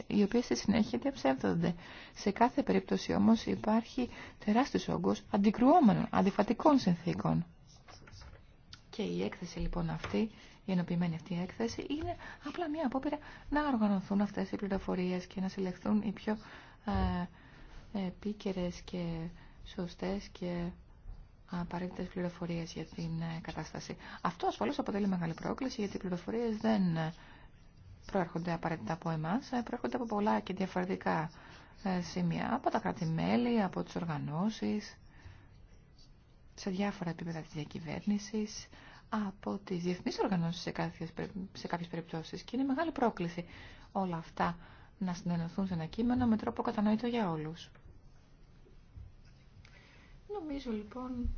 οι οποίε στη συνέχεια διαψεύδονται. Σε κάθε περίπτωση όμω υπάρχει τεράστιο όγκο αντικρουόμενων, αντιφατικών συνθήκων. Και η έκθεση λοιπόν αυτή, η ενοποιημένη αυτή έκθεση, είναι απλά μια απόπειρα να οργανωθούν αυτέ οι πληροφορίε και να συλλεχθούν οι πιο ε, επίκαιρε και σωστέ και απαραίτητε πληροφορίε για την ε, κατάσταση. Αυτό ασφαλώ αποτελεί μεγάλη πρόκληση γιατί οι πληροφορίε δεν ε, προέρχονται απαραίτητα από εμά, ε, προέρχονται από πολλά και διαφορετικά σημεία, από τα κράτη-μέλη, από τι οργανώσει, σε διάφορα επίπεδα τη διακυβέρνηση, από τι διεθνεί οργανώσει σε, κάποιες, σε κάποιε περιπτώσει. Και είναι μεγάλη πρόκληση όλα αυτά να συνενωθούν σε ένα κείμενο με τρόπο κατανοητό για όλους. Νομίζω λοιπόν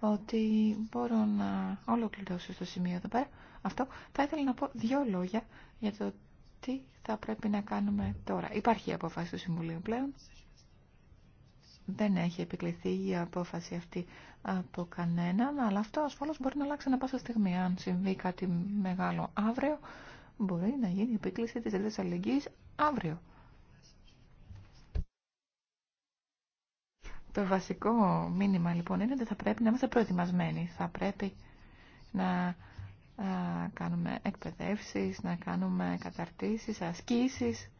ότι μπορώ να ολοκληρώσω στο σημείο εδώ πέρα. Αυτό θα ήθελα να πω δύο λόγια για το τι θα πρέπει να κάνουμε τώρα. Υπάρχει η απόφαση του Συμβουλίου πλέον. Δεν έχει επικληθεί η απόφαση αυτή από κανέναν, αλλά αυτό ασφαλώς μπορεί να αλλάξει ένα πάσα στιγμή. Αν συμβεί κάτι μεγάλο αύριο, μπορεί να γίνει η επίκληση της Ελλήνης Αλληλεγγύης αύριο. Το βασικό μήνυμα λοιπόν είναι ότι θα πρέπει να είμαστε προετοιμασμένοι. Θα πρέπει να κάνουμε εκπαιδεύσεις, να κάνουμε καταρτήσεις, ασκήσεις,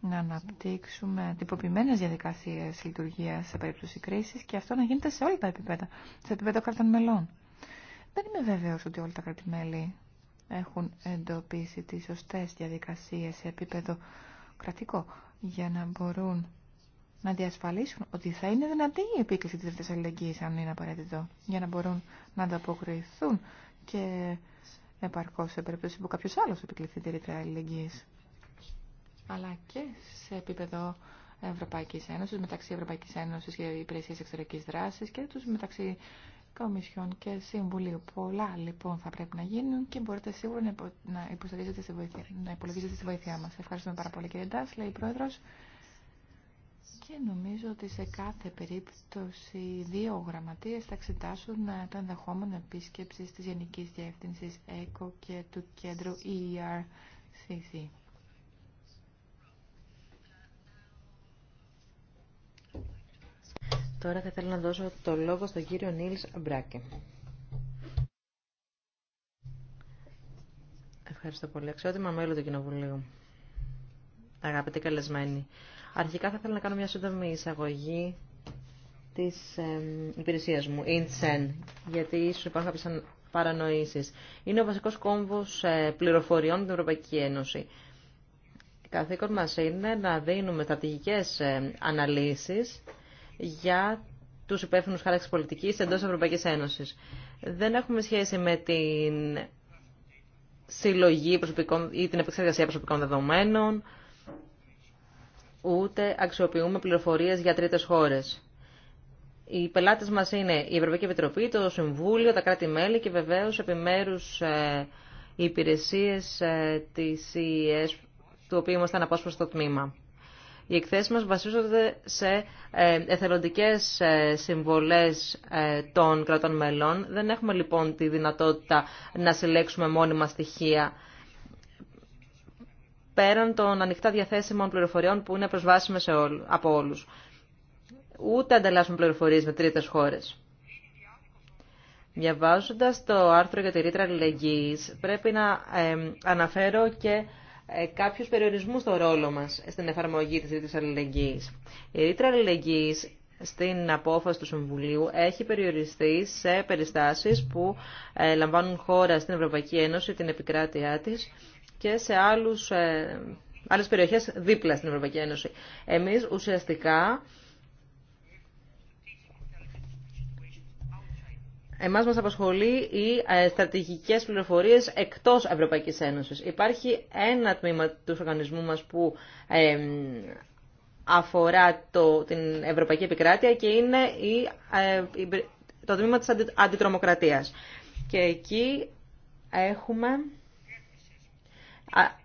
να αναπτύξουμε τυποποιημένες διαδικασίες λειτουργίας σε περίπτωση κρίσης και αυτό να γίνεται σε όλα τα επίπεδα, σε επίπεδο κρατών μελών. Δεν είμαι βέβαιος ότι όλα τα κρατημέλη έχουν εντοπίσει τις σωστές διαδικασίες σε επίπεδο κρατικό για να μπορούν να διασφαλίσουν ότι θα είναι δυνατή η επίκληση της δεύτερης αλληλεγγύης αν είναι απαραίτητο για να μπορούν να ανταποκριθούν και επαρκώς σε περίπτωση που κάποιος άλλος επικληθεί τη ρήτρα αλληλεγγύη, αλλά και σε επίπεδο Ευρωπαϊκής Ένωσης, μεταξύ Ευρωπαϊκής Ένωσης και Υπηρεσίας Εξωτερικής Δράσης και τους μεταξύ Κομισιόν και Συμβουλίου. Πολλά λοιπόν θα πρέπει να γίνουν και μπορείτε σίγουρα να, υπολογίζετε στη βοήθειά μας. Ευχαριστούμε πάρα πολύ κύριε Ντάς, λέει η Πρόεδρος. Και νομίζω ότι σε κάθε περίπτωση δύο γραμματείες θα εξετάσουν ε, το ενδεχόμενο επίσκεψη της Γενικής Διεύθυνσης ΕΚΟ και του κέντρου ERCC. E Τώρα θα ήθελα να δώσω το λόγο στον κύριο Νίλς Μπράκε. Ευχαριστώ πολύ. Αξιότιμα μέλη του Κοινοβουλίου. Αγαπητοί καλεσμένοι. Αρχικά θα ήθελα να κάνω μια σύντομη εισαγωγή της ε, υπηρεσίας μου, INSEN, γιατί ίσως υπάρχουν κάποιες παρανοήσεις. Είναι ο βασικός κόμβος ε, πληροφοριών την Ευρωπαϊκή Ένωση. Καθήκον μας είναι να δίνουμε στρατηγικές αναλύσεις για τους υπεύθυνους χάραξη πολιτική εντό Ευρωπαϊκή Ένωση. Δεν έχουμε σχέση με την συλλογή προσωπικών ή την επεξεργασία προσωπικών δεδομένων, ούτε αξιοποιούμε πληροφορίες για τρίτες χώρες. Οι πελάτες μας είναι η Ευρωπαϊκή Επιτροπή, το Συμβούλιο, τα κράτη-μέλη και βεβαίως επιμέρους οι πελατε μας ειναι η ευρωπαικη επιτροπη το συμβουλιο τα κρατη μελη και βεβαιως επιμερους οι υπηρεσιες ε, τη ΙΕΣ, του οποίου ήμασταν απόσπαστο τμήμα. Οι εκθέσεις μας βασίζονται σε ε, εθελοντικές ε, συμβολές ε, των κρατών μελών. Δεν έχουμε λοιπόν τη δυνατότητα να συλλέξουμε μόνιμα στοιχεία πέραν των ανοιχτά διαθέσιμων πληροφοριών που είναι προσβάσιμες από όλους. Ούτε ανταλλάσσουμε πληροφορίες με τρίτες χώρες. Διαβάζοντα το άρθρο για τη ρήτρα αλληλεγγύης, πρέπει να αναφέρω και ε, Κάποιου περιορισμούς στο ρόλο μας στην εφαρμογή της ρήτρας αλληλεγγύης. Η ρήτρα αλληλεγγύη στην απόφαση του Συμβουλίου έχει περιοριστεί σε περιστάσεις που ε, λαμβάνουν χώρα στην Ευρωπαϊκή Ένωση, την επικράτειά της και σε άλλους, ε, άλλες περιοχές δίπλα στην Ευρωπαϊκή Ένωση. Εμείς ουσιαστικά Εμάς μας απασχολεί οι ε, στρατηγικές πληροφορίες εκτός Ευρωπαϊκής Ένωσης. Υπάρχει ένα τμήμα του οργανισμού μας που αφορά το, την Ευρωπαϊκή Επικράτεια και είναι η, ε, το τμήμα της αντιτρομοκρατίας. Και εκεί έχουμε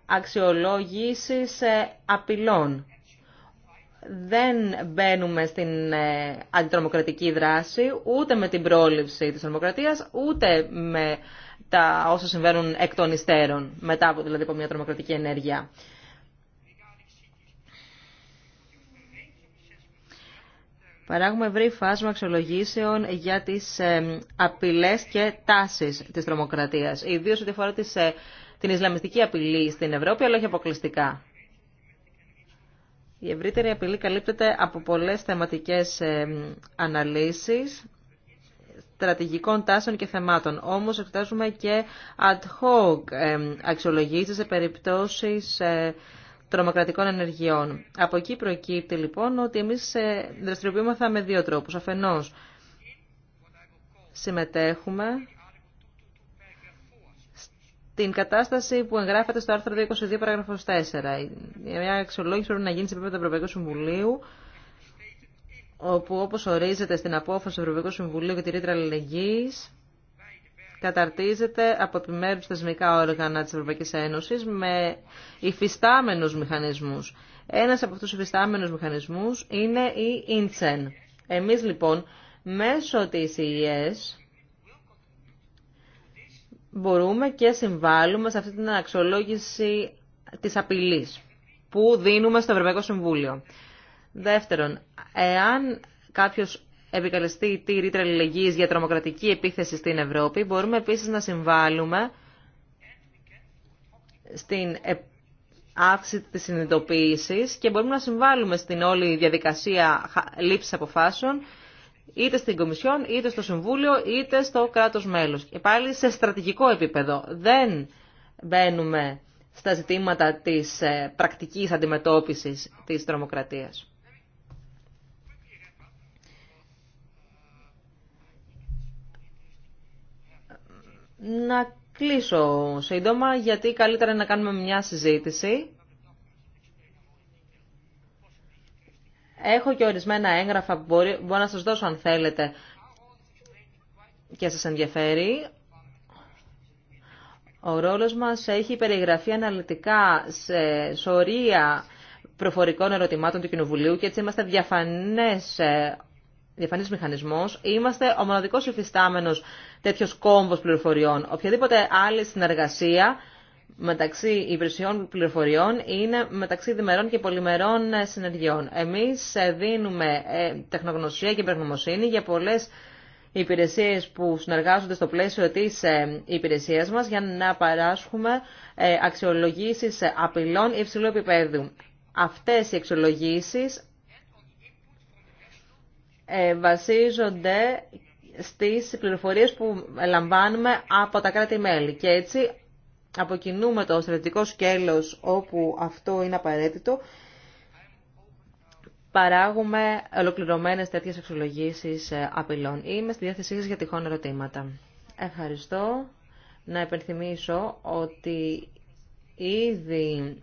αξιολόγησης ε, απειλών δεν μπαίνουμε στην ε, αντιτρομοκρατική δράση ούτε με την πρόληψη της τρομοκρατίας ούτε με τα όσα συμβαίνουν εκ των υστέρων μετά από, δηλαδή, από μια τρομοκρατική ενέργεια. Παράγουμε ευρύ φάσμα αξιολογήσεων για τις ε, απειλές και τάσεις της τρομοκρατίας, ιδίως ό,τι αφορά ε, την Ισλαμιστική απειλή στην Ευρώπη, αλλά όχι αποκλειστικά. Η ευρύτερη απειλή καλύπτεται από πολλές θεματικές ε, αναλύσεις στρατηγικών τάσεων και θεμάτων. Όμως εκτάζουμε και ad hoc ε, αξιολογήσεις σε περιπτώσεις ε, τρομοκρατικών ενεργειών. Από εκεί προκύπτει λοιπόν ότι εμείς δραστηριοποιούμεθα με δύο τρόπους. Αφενός συμμετέχουμε την κατάσταση που εγγράφεται στο άρθρο 22 παράγραφος 4. Μια αξιολόγηση πρέπει να γίνει σε επίπεδο Ευρωπαϊκού Συμβουλίου όπου όπως ορίζεται στην απόφαση του Ευρωπαϊκού Συμβουλίου για τη ρήτρα αλληλεγγύη, καταρτίζεται από επιμέρου θεσμικά όργανα τη Ευρωπαϊκή Ένωση με υφιστάμενου μηχανισμούς. Ένας από αυτού του υφιστάμενου μηχανισμού είναι η ΙΝΤΣΕΝ. Εμεί, λοιπόν μέσω τη ΙΕΣ μπορούμε και συμβάλλουμε σε αυτή την αξιολόγηση της απειλής που δίνουμε στο Ευρωπαϊκό Συμβούλιο. Δεύτερον, εάν κάποιος επικαλεστεί τη ρήτρα αλληλεγγύης για τρομοκρατική επίθεση στην Ευρώπη, μπορούμε επίσης να συμβάλλουμε στην ε, αύξηση της συνειδητοποίησης και μπορούμε να συμβάλλουμε στην όλη διαδικασία λήψης αποφάσεων είτε στην Κομισιόν, είτε στο Συμβούλιο, είτε στο κράτος μέλος. Και πάλι σε στρατηγικό επίπεδο. Δεν μπαίνουμε στα ζητήματα της ε, πρακτικής αντιμετώπισης της τρομοκρατίας. Να κλείσω σύντομα, γιατί καλύτερα να κάνουμε μια συζήτηση Έχω και ορισμένα έγγραφα που μπορεί, μπορώ να σας δώσω αν θέλετε και σας ενδιαφέρει. Ο ρόλος μας έχει περιγραφεί αναλυτικά σε σωρία προφορικών ερωτημάτων του Κοινοβουλίου και έτσι είμαστε διαφανές, ε, διαφανής μηχανισμός. Είμαστε ο μοναδικός υφιστάμενος τέτοιος κόμβος πληροφοριών. Οποιαδήποτε άλλη συνεργασία μεταξύ υπηρεσιών πληροφοριών είναι μεταξύ διμερών και πολυμερών συνεργειών. Εμείς ε, δίνουμε ε, τεχνογνωσία και υπερνομοσύνη για πολλές υπηρεσίες που συνεργάζονται στο πλαίσιο της ε, υπηρεσίας μας για να παράσχουμε αξιολογήσεις απειλών υψηλού επίπεδου. Αυτές οι αξιολογήσεις βασίζονται στις πληροφορίες που λαμβάνουμε από τα κράτη-μέλη και έτσι Αποκινούμε το στρατητικό σκέλος όπου αυτό είναι απαραίτητο, παράγουμε ολοκληρωμένες τέτοιες αξιολογήσεις ε, απειλών. Είμαι στη διάθεσή σας για τυχόν ερωτήματα. Ευχαριστώ. Να επενθυμίσω ότι ήδη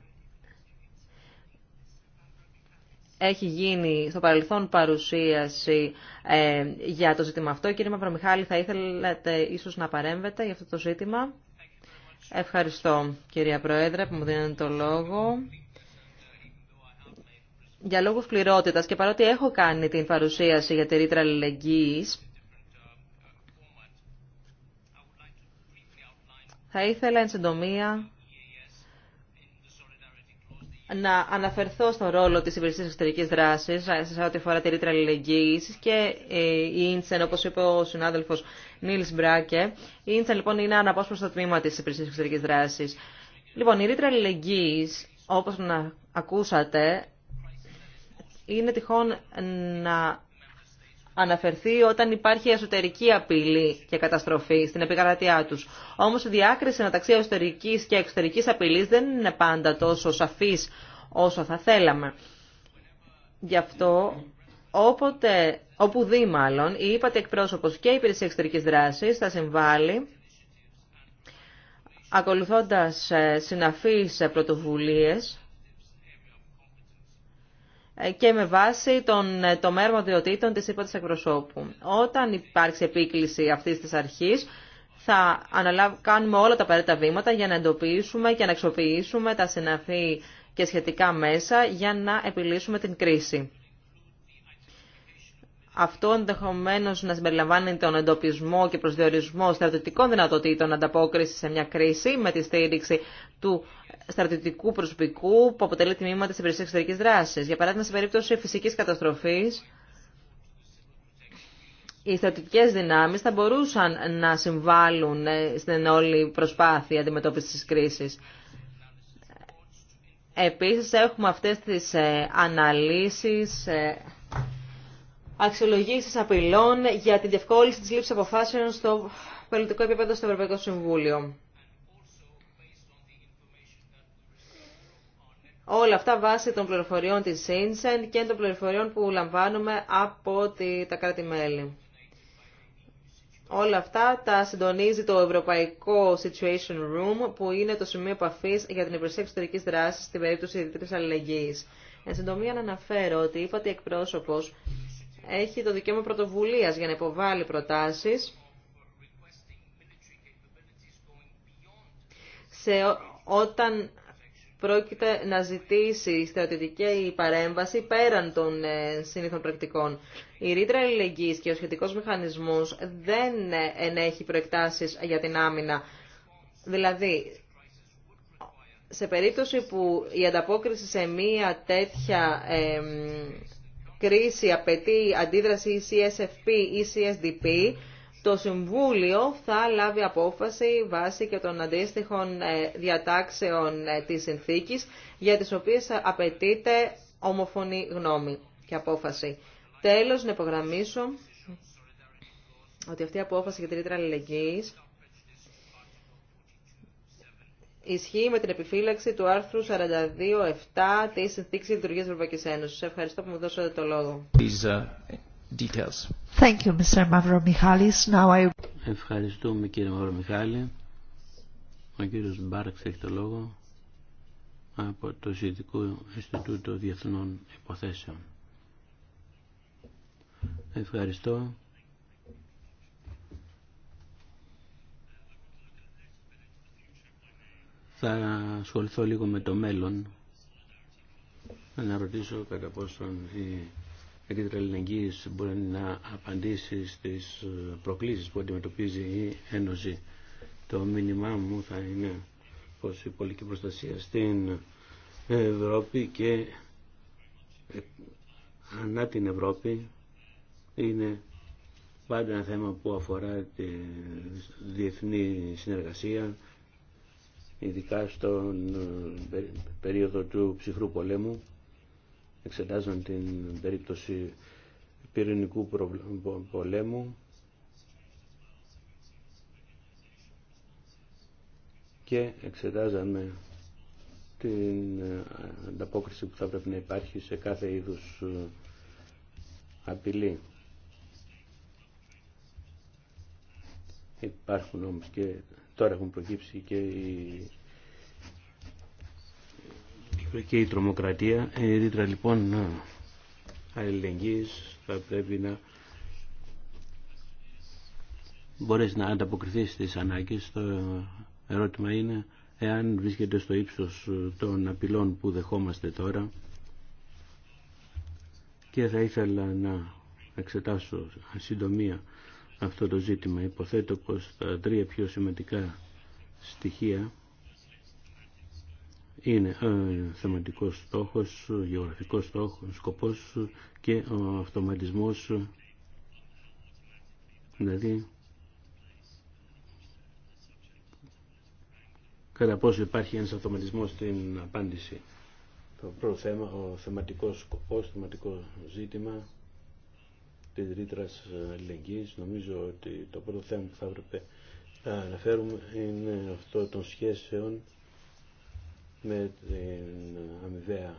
έχει γίνει στο παρελθόν παρουσίαση ε, για το ζήτημα αυτό. Κύριε Μαυρομιχάλη, θα ήθελατε ίσως να παρέμβετε για αυτό το ζήτημα. Ευχαριστώ κυρία Πρόεδρε που μου δίνετε το λόγο. Για λόγους πληρότητας και παρότι έχω κάνει την παρουσίαση για τη ρήτρα αλληλεγγύης, θα ήθελα εν συντομία να αναφερθώ στον ρόλο της υπηρεσίας εξωτερικής δράσης ε, σε ό,τι αφορά τη ρήτρα αλληλεγγύης και ε, η Ίντσεν, όπως είπε ο συνάδελφος Νίλς Μπράκε. Η Ίντσεν λοιπόν είναι αναπόσπαστο τμήμα της υπηρεσίας εξωτερικής δράσης. Λοιπόν, η ρήτρα αλληλεγγύης, όπως να ακούσατε, είναι τυχόν να αναφερθεί όταν υπάρχει εσωτερική απειλή και καταστροφή στην επικρατειά τους. Όμω η διάκριση μεταξύ εσωτερική και εξωτερική απειλή δεν είναι πάντα τόσο σαφής όσο θα θέλαμε. Γι' αυτό όποτε, όπου δει μάλλον, η ΥΠΑΤΗ εκπρόσωπος και η υπηρεσία εξωτερική δράσης θα συμβάλλει ακολουθώντας ε, συναφείς ε, πρωτοβουλίες ε, και με βάση τον ε, μέρο διοτήτων της ΥΠΑ της εκπροσώπου. Όταν υπάρξει επίκληση αυτής της αρχής, θα κάνουμε όλα τα απαραίτητα βήματα για να εντοπίσουμε και να αξιοποιήσουμε τα συναφή και σχετικά μέσα για να επιλύσουμε την κρίση αυτό ενδεχομένω να συμπεριλαμβάνει τον εντοπισμό και προσδιορισμό στρατιωτικών δυνατοτήτων ανταπόκριση σε μια κρίση με τη στήριξη του στρατιωτικού προσωπικού που αποτελεί τμήμα τη υπηρεσία εξωτερική δράση. Για παράδειγμα, σε περίπτωση φυσική καταστροφή, οι στρατιωτικέ δυνάμει θα μπορούσαν να συμβάλλουν ε, στην όλη προσπάθεια αντιμετώπιση τη κρίση. Επίσης, έχουμε αυτές τις ε, αναλύσεις ε, Αξιολογήσει απειλών για την διευκόλυνση της λήψη αποφάσεων στο πολιτικό επίπεδο στο Ευρωπαϊκό Συμβούλιο. Όλα αυτά βάσει των πληροφοριών της Ίνσεν και των πληροφοριών που λαμβάνουμε από τα κράτη-μέλη. Όλα αυτά τα συντονίζει το Ευρωπαϊκό Situation Room, που είναι το σημείο επαφή για την υπηρεσία εξωτερική δράση στην περίπτωση ιδιωτική αλληλεγγύη. Εν συντομία, να αναφέρω ότι ότι εκπρόσωπο έχει το δικαίωμα πρωτοβουλία για να υποβάλει προτάσεις όταν πρόκειται να ζητήσει στρατιωτική παρέμβαση πέραν των ε, συνήθων πρακτικών. Η ρήτρα και ο σχετικός μηχανισμός δεν ε, ενέχει προεκτάσεις για την άμυνα. Δηλαδή, σε περίπτωση που η ανταπόκριση σε μία τέτοια ε, κρίση απαιτεί αντίδραση ECSFP ή CSDP, το Συμβούλιο θα λάβει απόφαση βάσει και των αντίστοιχων ε, διατάξεων ε, της συνθήκης για τις οποίες απαιτείται ομοφωνή γνώμη και απόφαση. Τέλος, να υπογραμμίσω ότι αυτή η απόφαση για τη ρήτρα αλληλεγγύης ισχύει με την επιφύλαξη του άρθρου 42.7 της Συνθήκης Λειτουργίας Ευρωπαϊκής Ένωσης. Ευχαριστώ που μου δώσατε το λόγο. Uh, Ευχαριστούμε κύριε Μαυρομιχάλη. Ο κύριος Μπάρξ έχει το λόγο από το Συνδικό Ινστιτούτο Διεθνών Υποθέσεων. Ευχαριστώ. θα ασχοληθώ λίγο με το μέλλον. Να ρωτήσω κατά πόσον η Εκκλησία Ελληνικής μπορεί να απαντήσει στις προκλήσεις που αντιμετωπίζει η Ένωση. Το μήνυμά μου θα είναι πως η πολιτική προστασία στην Ευρώπη και ε, ανά την Ευρώπη είναι πάντα ένα θέμα που αφορά τη διεθνή συνεργασία, ειδικά στον ε, περίοδο του ψυχρού πολέμου εξετάζουν την περίπτωση πυρηνικού πολέμου και εξετάζαμε την ε, ανταπόκριση που θα πρέπει να υπάρχει σε κάθε είδους ε, απειλή. Υπάρχουν όμως και Τώρα έχουν προκύψει και η, και η τρομοκρατία. Ε, η ρήτρα λοιπόν αλληλεγγύης θα πρέπει να μπορέσει να ανταποκριθεί στις ανάγκες. Το ερώτημα είναι εάν βρίσκεται στο ύψος των απειλών που δεχόμαστε τώρα και θα ήθελα να εξετάσω συντομία αυτό το ζήτημα. Υποθέτω πως τα τρία πιο σημαντικά στοιχεία είναι ο θεματικός στόχος, ο γεωγραφικός στόχος, σκοπός και ο αυτοματισμός, δηλαδή κατά πόσο υπάρχει ένας αυτοματισμός στην απάντηση. Το πρώτο θέμα, ο θεματικός σκοπός, θεματικό ζήτημα, τη ρήτρα αλληλεγγύης. Νομίζω ότι το πρώτο θέμα που θα έπρεπε να αναφέρουμε είναι αυτό των σχέσεων με την αμοιβαία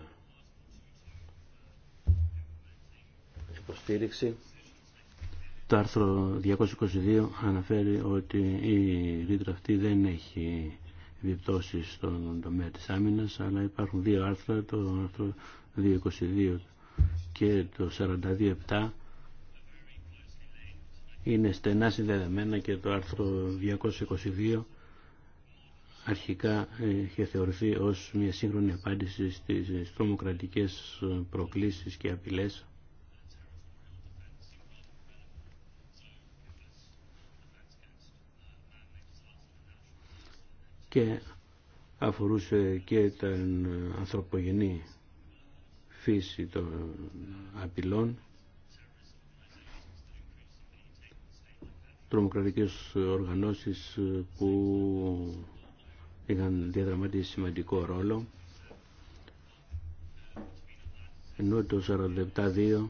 υποστήριξη. Το άρθρο 222 αναφέρει ότι η ρήτρα αυτή δεν έχει επιπτώσει στον τομέα της άμυνας, αλλά υπάρχουν δύο άρθρα, το άρθρο 222 και το 427 είναι στενά συνδεδεμένα και το άρθρο 222 αρχικά είχε θεωρηθεί ως μια σύγχρονη απάντηση στις τρομοκρατικές προκλήσεις και απειλές και αφορούσε και την ανθρωπογενή φύση των απειλών τρομοκρατικές οργανώσεις ε, που είχαν διαδραματίσει σημαντικό ρόλο ενώ το 47-2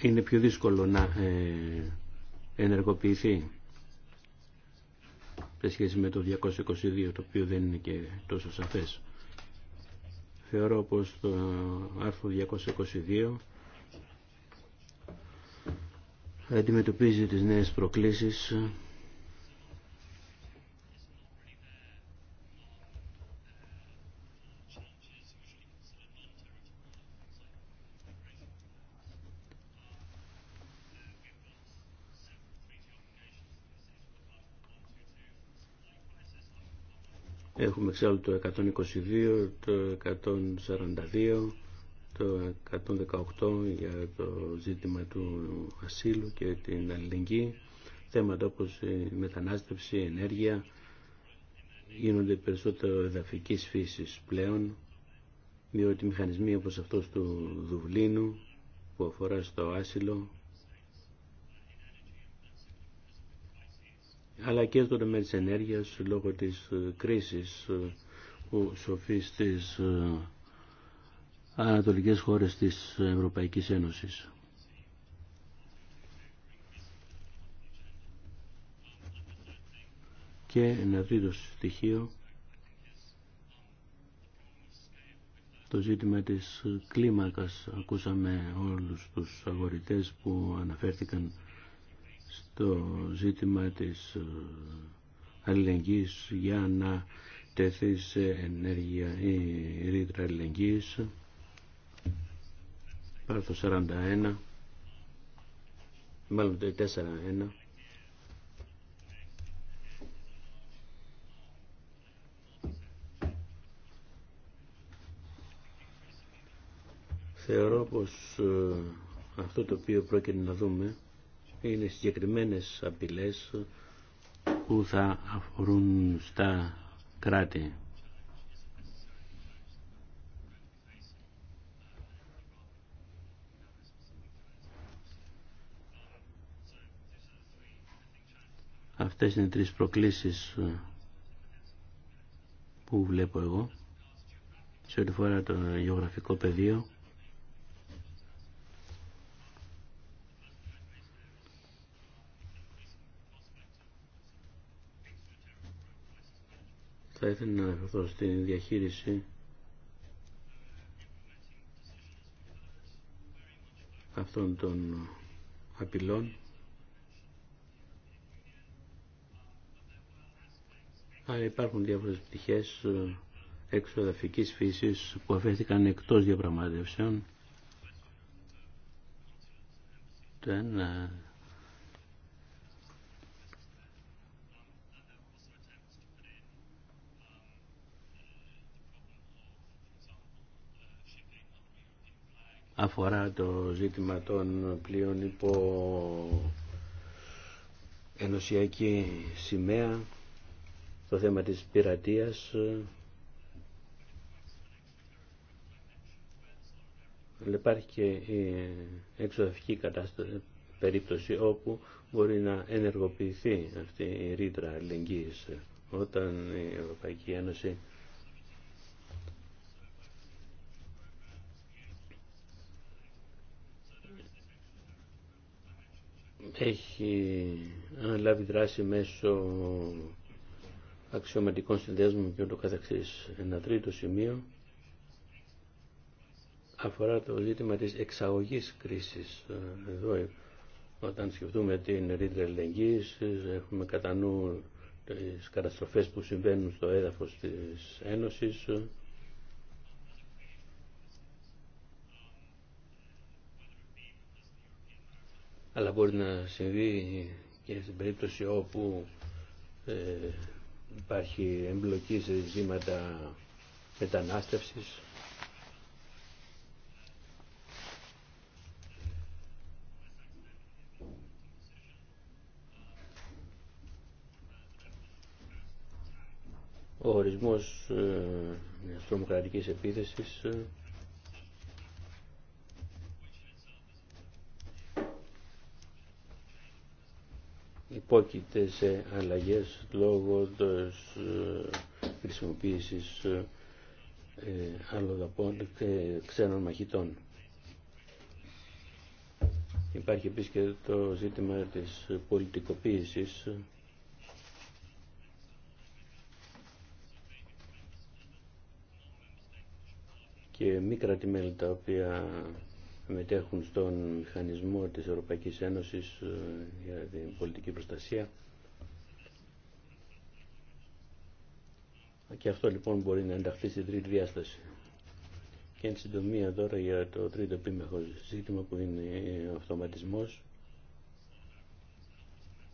είναι πιο δύσκολο να ε, ενεργοποιηθεί σε σχέση με το 222 το οποίο δεν είναι και τόσο σαφές. Θεωρώ πως το άρθρο 222 αντιμετωπίζει τις νέες προκλήσεις εξάλλου το 122, το 142, το 118 για το ζήτημα του ασύλου και την αλληλεγγύη. Θέματα όπως η μετανάστευση, η ενέργεια γίνονται περισσότερο εδαφικής φύσης πλέον διότι μηχανισμοί όπως αυτός του Δουβλίνου που αφορά στο άσυλο αλλά και στον τομέα της ενέργειας λόγω της ε, κρίσης ε, που σοφεί στις ε, ανατολικές χώρες της Ευρωπαϊκής Ένωσης. Και ένα τρίτο στοιχείο, το ζήτημα της κλίμακας. Ακούσαμε όλους τους αγορητές που αναφέρθηκαν στο ζήτημα της ε, αλληλεγγύης για να τεθεί σε ενέργεια η ρήτρα αλληλεγγύης πάρθω 41 μάλλον 4-1 το Θεωρώ πως ε, αυτό το οποίο πρόκειται να δούμε είναι συγκεκριμένες απειλές που θα αφορούν στα κράτη. Αυτές είναι τρεις προκλήσεις που βλέπω εγώ σε ό,τι φορά το γεωγραφικό πεδίο. Θα ήθελα να αναφερθώ στην διαχείριση αυτών των απειλών αλλά υπάρχουν διάφορες πτυχές ε, εξοδαφικής φύσης που αφήθηκαν εκτός διαπραγματεύσεων. Το ένα αφορά το ζήτημα των πλοίων υπό ενωσιακή σημαία, το θέμα της πειρατείας, υπάρχει και η εξωτερική κατάσταση, περίπτωση όπου μπορεί να ενεργοποιηθεί αυτή η ρήτρα αλληλεγγύης όταν η Ευρωπαϊκή Ένωση έχει αναλάβει δράση μέσω αξιωματικών συνδέσμων και ούτω καθεξής. Ένα τρίτο σημείο αφορά το ζήτημα της εξαγωγής κρίσης. Εδώ, όταν σκεφτούμε την ρήτρα ελεγγύης, έχουμε κατά νου τις καταστροφές που συμβαίνουν στο έδαφος της Ένωσης, αλλά μπορεί να συμβεί και στην περίπτωση όπου ε, υπάρχει εμπλοκή σε ζήματα μετανάστευσης. Ο ορισμός ε, μιας τρομοκρατικής επίθεσης ε, υπόκειται σε αλλαγές λόγω της ε, χρησιμοποίησης ε, ε, αλλοδαπών και ξένων μαχητών. Υπάρχει επίσης και το ζήτημα της πολιτικοποίησης και μη κρατημέλη τα οποία μετέχουν στον μηχανισμό της Ευρωπαϊκής Ένωσης ε, για την πολιτική προστασία. Και αυτό λοιπόν μπορεί να ενταχθεί στην τρίτη διάσταση. Και εν συντομία τώρα για το τρίτο επίμεχο ζήτημα που είναι ο αυτοματισμός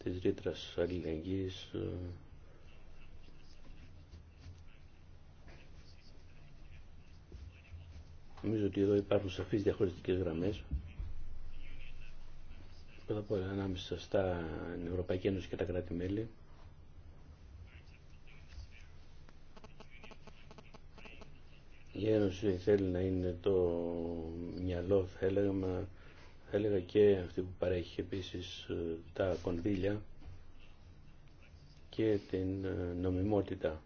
της ρήτρας αλληλεγγύης ε, Νομίζω ότι εδώ υπάρχουν σαφείς διαχωριστικές γραμμές πρώτα ανάμεσα στα Ευρωπαϊκή Ένωση και τα κράτη-μέλη. Η Ένωση θέλει να είναι το μυαλό, θα έλεγα, μα, θα έλεγα και αυτή που παρέχει επίσης ε, τα κονδύλια και την ε, νομιμότητα.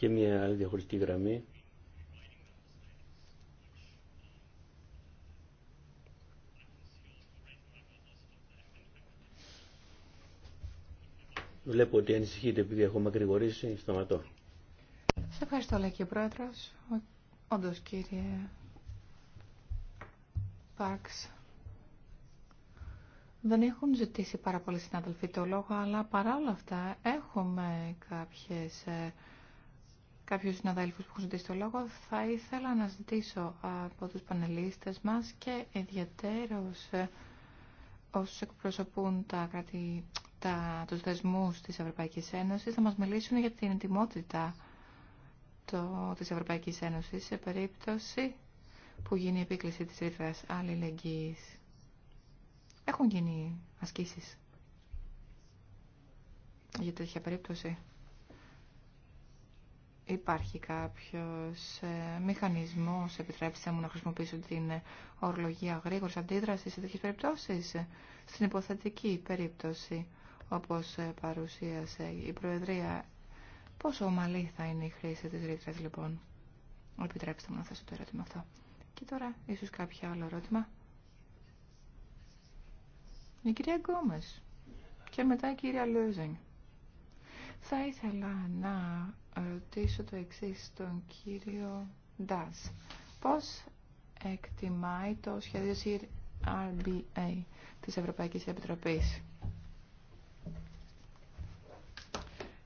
και μια άλλη διαχωριστική γραμμή Βλέπω ότι ανησυχείτε επειδή έχω μακρηγορήσει. Σταματώ. Σε ευχαριστώ, λέει και ο πρόεδρος. κύριε Πάξ. Δεν έχουν ζητήσει πάρα πολλοί συνάδελφοι το λόγο, αλλά παρά όλα αυτά έχουμε κάποιες ε, κάποιους συναδέλφους που έχουν ζητήσει το λόγο. Θα ήθελα να ζητήσω από τους πανελίστες μας και ιδιαίτερως ε, όσους εκπροσωπούν τα κράτη, τα, τους δεσμούς της Ευρωπαϊκής Ένωσης να μας μιλήσουν για την ετοιμότητα το, της Ευρωπαϊκής Ένωσης σε περίπτωση που γίνει η επίκληση της ρήτρας αλληλεγγύης. Έχουν γίνει ασκήσεις για τέτοια περίπτωση υπάρχει κάποιος ε, μηχανισμός, επιτρέψτε μου να χρησιμοποιήσω την ορολογία γρήγορης αντίδρασης σε τέτοιες περιπτώσεις, στην υποθετική περίπτωση, όπως ε, παρουσίασε η Προεδρία. Πόσο ομαλή θα είναι η χρήση της ρήτρας, λοιπόν. Επιτρέψτε μου να θέσω το ερώτημα αυτό. Και τώρα, ίσως κάποιο άλλο ερώτημα. Η κυρία Γκόμες και μετά η κυρία Λούζινγκ. Θα ήθελα να ρωτήσω το εξή στον κύριο Ντάς. Πώς εκτιμάει το σχέδιο CRBA της Ευρωπαϊκής Επιτροπής.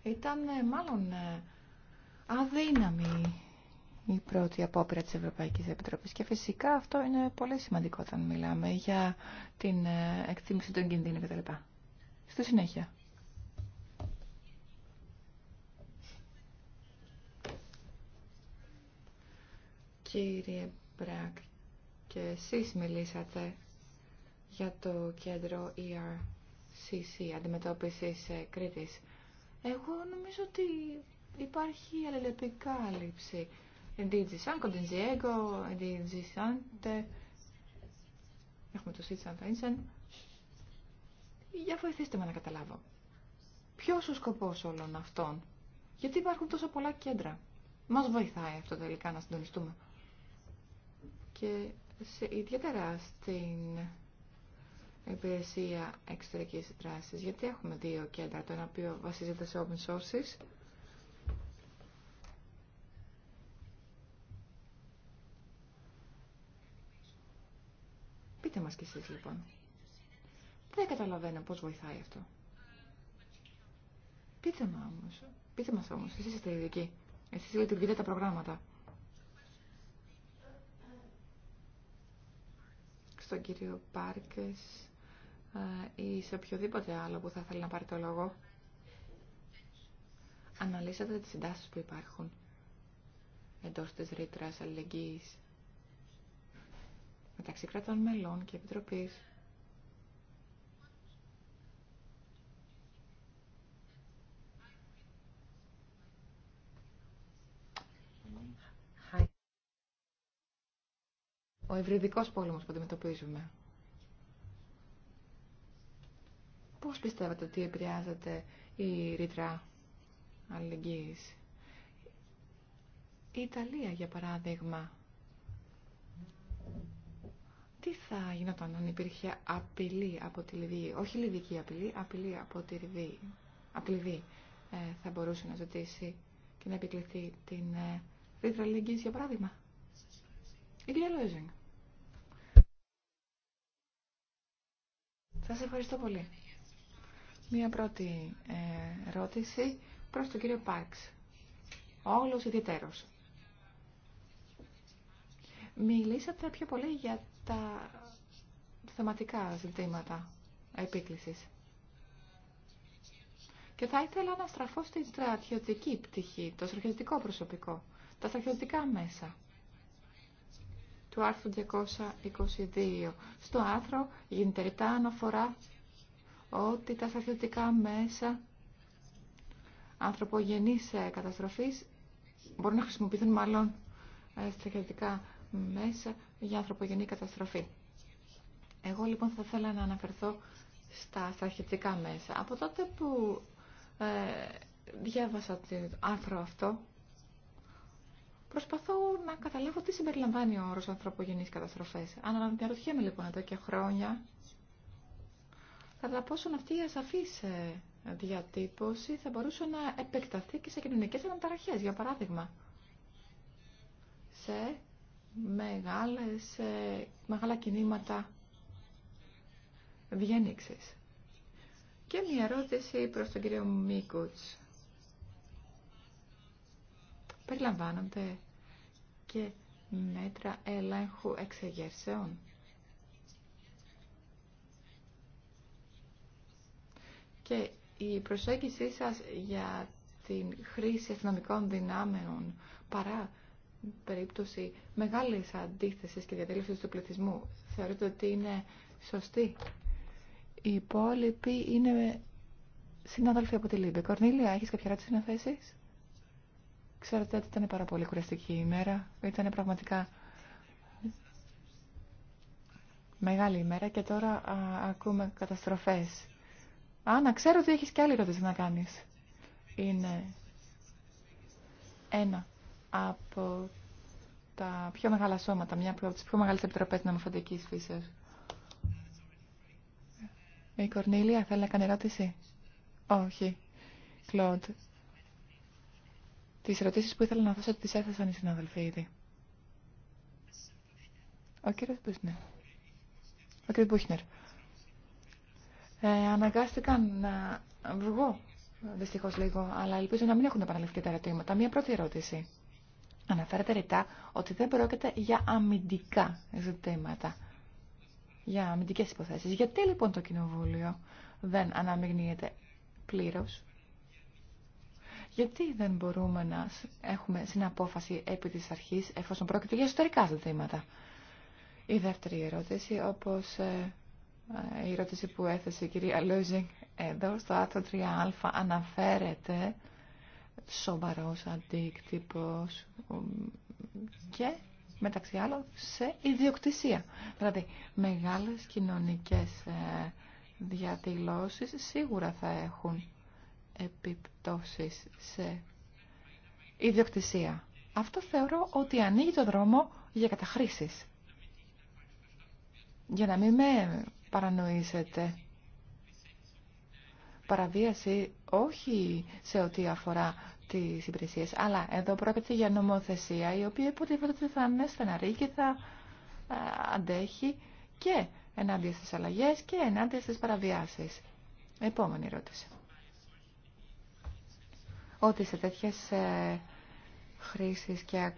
Ήταν ε, μάλλον ε, αδύναμη η πρώτη απόπειρα της Ευρωπαϊκής Επιτροπής και φυσικά αυτό είναι πολύ σημαντικό όταν μιλάμε για την ε, εκτίμηση των κινδύνων κτλ. Στη συνέχεια. Κύριε Μπρακ, και εσείς μιλήσατε για το κέντρο ERCC αντιμετώπισης ε, Κρήτης. Εγώ νομίζω ότι υπάρχει αλληλεπικάλυψη. DG San DG Έχουμε το Sit Vincent. Για βοηθήστε με να καταλάβω. Ποιος ο σκοπός όλων αυτών. Γιατί υπάρχουν τόσο πολλά κέντρα. Μας βοηθάει αυτό τελικά να συντονιστούμε και σε ιδιαίτερα στην υπηρεσία εξωτερικής δράσης, γιατί έχουμε δύο κέντρα, το ένα οποίο βασίζεται σε open sources Πείτε μας κι εσείς λοιπόν. Δεν καταλαβαίνω πώς βοηθάει αυτό. Πείτε μας όμως. Πείτε μας όμως. Εσείς είστε ειδικοί. Εσείς λειτουργείτε τα προγράμματα. στον κύριο Πάρκες ε, ή σε οποιοδήποτε άλλο που θα θέλει να πάρει το λόγο. Αναλύσατε τις συντάσεις που υπάρχουν εντός της ρήτρας αλληλεγγύης μεταξύ κρατών μελών και επιτροπής. ο ευρυδικός πόλεμος που αντιμετωπίζουμε. Πώς πιστεύετε ότι επηρεάζεται η ρήτρα αλληλεγγύης. Η Ιταλία, για παράδειγμα, τι θα γινόταν αν υπήρχε απειλή από τη Λιβύη, όχι λιβική απειλή, απειλή από τη Λιβύη. Απειλή θα μπορούσε να ζητήσει και να επικληθεί την ε, ρήτρα αλληλεγγύης, για παράδειγμα. Η κυρία Σας ευχαριστώ πολύ. Μία πρώτη ε, ερώτηση προς τον κύριο Πάρξ. Όλο ιδιαίτερος. Μιλήσατε πιο πολύ για τα θεματικά ζητήματα επίκλησης. Και θα ήθελα να στραφώ στην στρατιωτική πτυχή, το στρατιωτικό προσωπικό, τα στρατιωτικά μέσα του άρθρου 222. Στο άρθρο γίνεται ρητά αναφορά ότι τα στρατιωτικά μέσα ανθρωπογενής ε, καταστροφής μπορούν να χρησιμοποιηθούν μάλλον ε, στρατιωτικά μέσα για ανθρωπογενή καταστροφή. Εγώ λοιπόν θα ήθελα να αναφερθώ στα στρατιωτικά μέσα. Από τότε που ε, διάβασα το άρθρο αυτό, Προσπαθώ να καταλάβω τι συμπεριλαμβάνει ο όρος ανθρωπογενείς καταστροφές. Αν αναρωτιέμαι λοιπόν εδώ και χρόνια, κατά πόσον αυτή η ασαφή ε, διατύπωση θα μπορούσε να επεκταθεί και σε κοινωνικές αναταραχές, για παράδειγμα. Σε μεγάλες, ε, μεγάλα κινήματα διένυξης. Και μια ερώτηση προς τον κύριο Μίκουτς περιλαμβάνονται και μέτρα ελέγχου εξεγερσεών. Και η προσέγγισή σας για την χρήση αστυνομικών δυνάμεων παρά περίπτωση μεγάλης αντίθεσης και διαδήλωσης του πληθυσμού θεωρείτε ότι είναι σωστή. Οι υπόλοιποι είναι συνάδελφοι από τη Λίμπη. Κορνίλια, έχεις κάποια ερώτηση να θέσεις? Ξέρετε ότι ήταν πάρα πολύ κουραστική ημέρα. Ήταν πραγματικά μεγάλη ημέρα και τώρα α, ακούμε καταστροφές. Α, να ξέρω ότι έχεις και άλλη ερώτηση να κάνεις. Είναι ένα από τα πιο μεγάλα σώματα, μια από τις πιο μεγάλες επιτροπές νομοφαντικής φύσεως. Η Κορνίλια θέλει να κάνει ερώτηση. Όχι. Κλοντ, τι ερωτήσει που ήθελα να θέσω τις έθεσαν οι συναδελφοί ήδη. Ο κύριο Μπουχνέρ. Ο κύριο Μπουχνέρ Ε, να βγω, δυστυχώ λίγο, αλλά ελπίζω να μην έχουν επαναληφθεί τα ερωτήματα. Μία πρώτη ερώτηση. Αναφέρεται ρητά ότι δεν πρόκειται για αμυντικά ζητήματα, για αμυντικέ υποθέσει. Γιατί λοιπόν το Κοινοβούλιο δεν αναμειγνύεται πλήρω. Γιατί δεν μπορούμε να έχουμε συναπόφαση επί της αρχής, εφόσον πρόκειται για εσωτερικά ζητήματα. Η δεύτερη ερώτηση, όπως ε, ε, η ερώτηση που έθεσε η κυρία Λούζινγκ εδώ στο άρθρο 3α, αναφέρεται σοβαρός αντίκτυπος και μεταξύ άλλων σε ιδιοκτησία. Δηλαδή, μεγάλες κοινωνικές ε, διαδηλώσεις σίγουρα θα έχουν επιπτώσεις σε ιδιοκτησία. Αυτό θεωρώ ότι ανοίγει το δρόμο για καταχρήσεις. Για να μην με παρανοήσετε. Παραβίαση όχι σε ό,τι αφορά τις υπηρεσίες, αλλά εδώ πρόκειται για νομοθεσία η οποία υποτίθεται ότι θα είναι στεναρή και θα αντέχει και ενάντια στις αλλαγές και ενάντια στις παραβιάσεις. Επόμενη ερώτηση ότι σε τέτοιες ε, χρήσεις και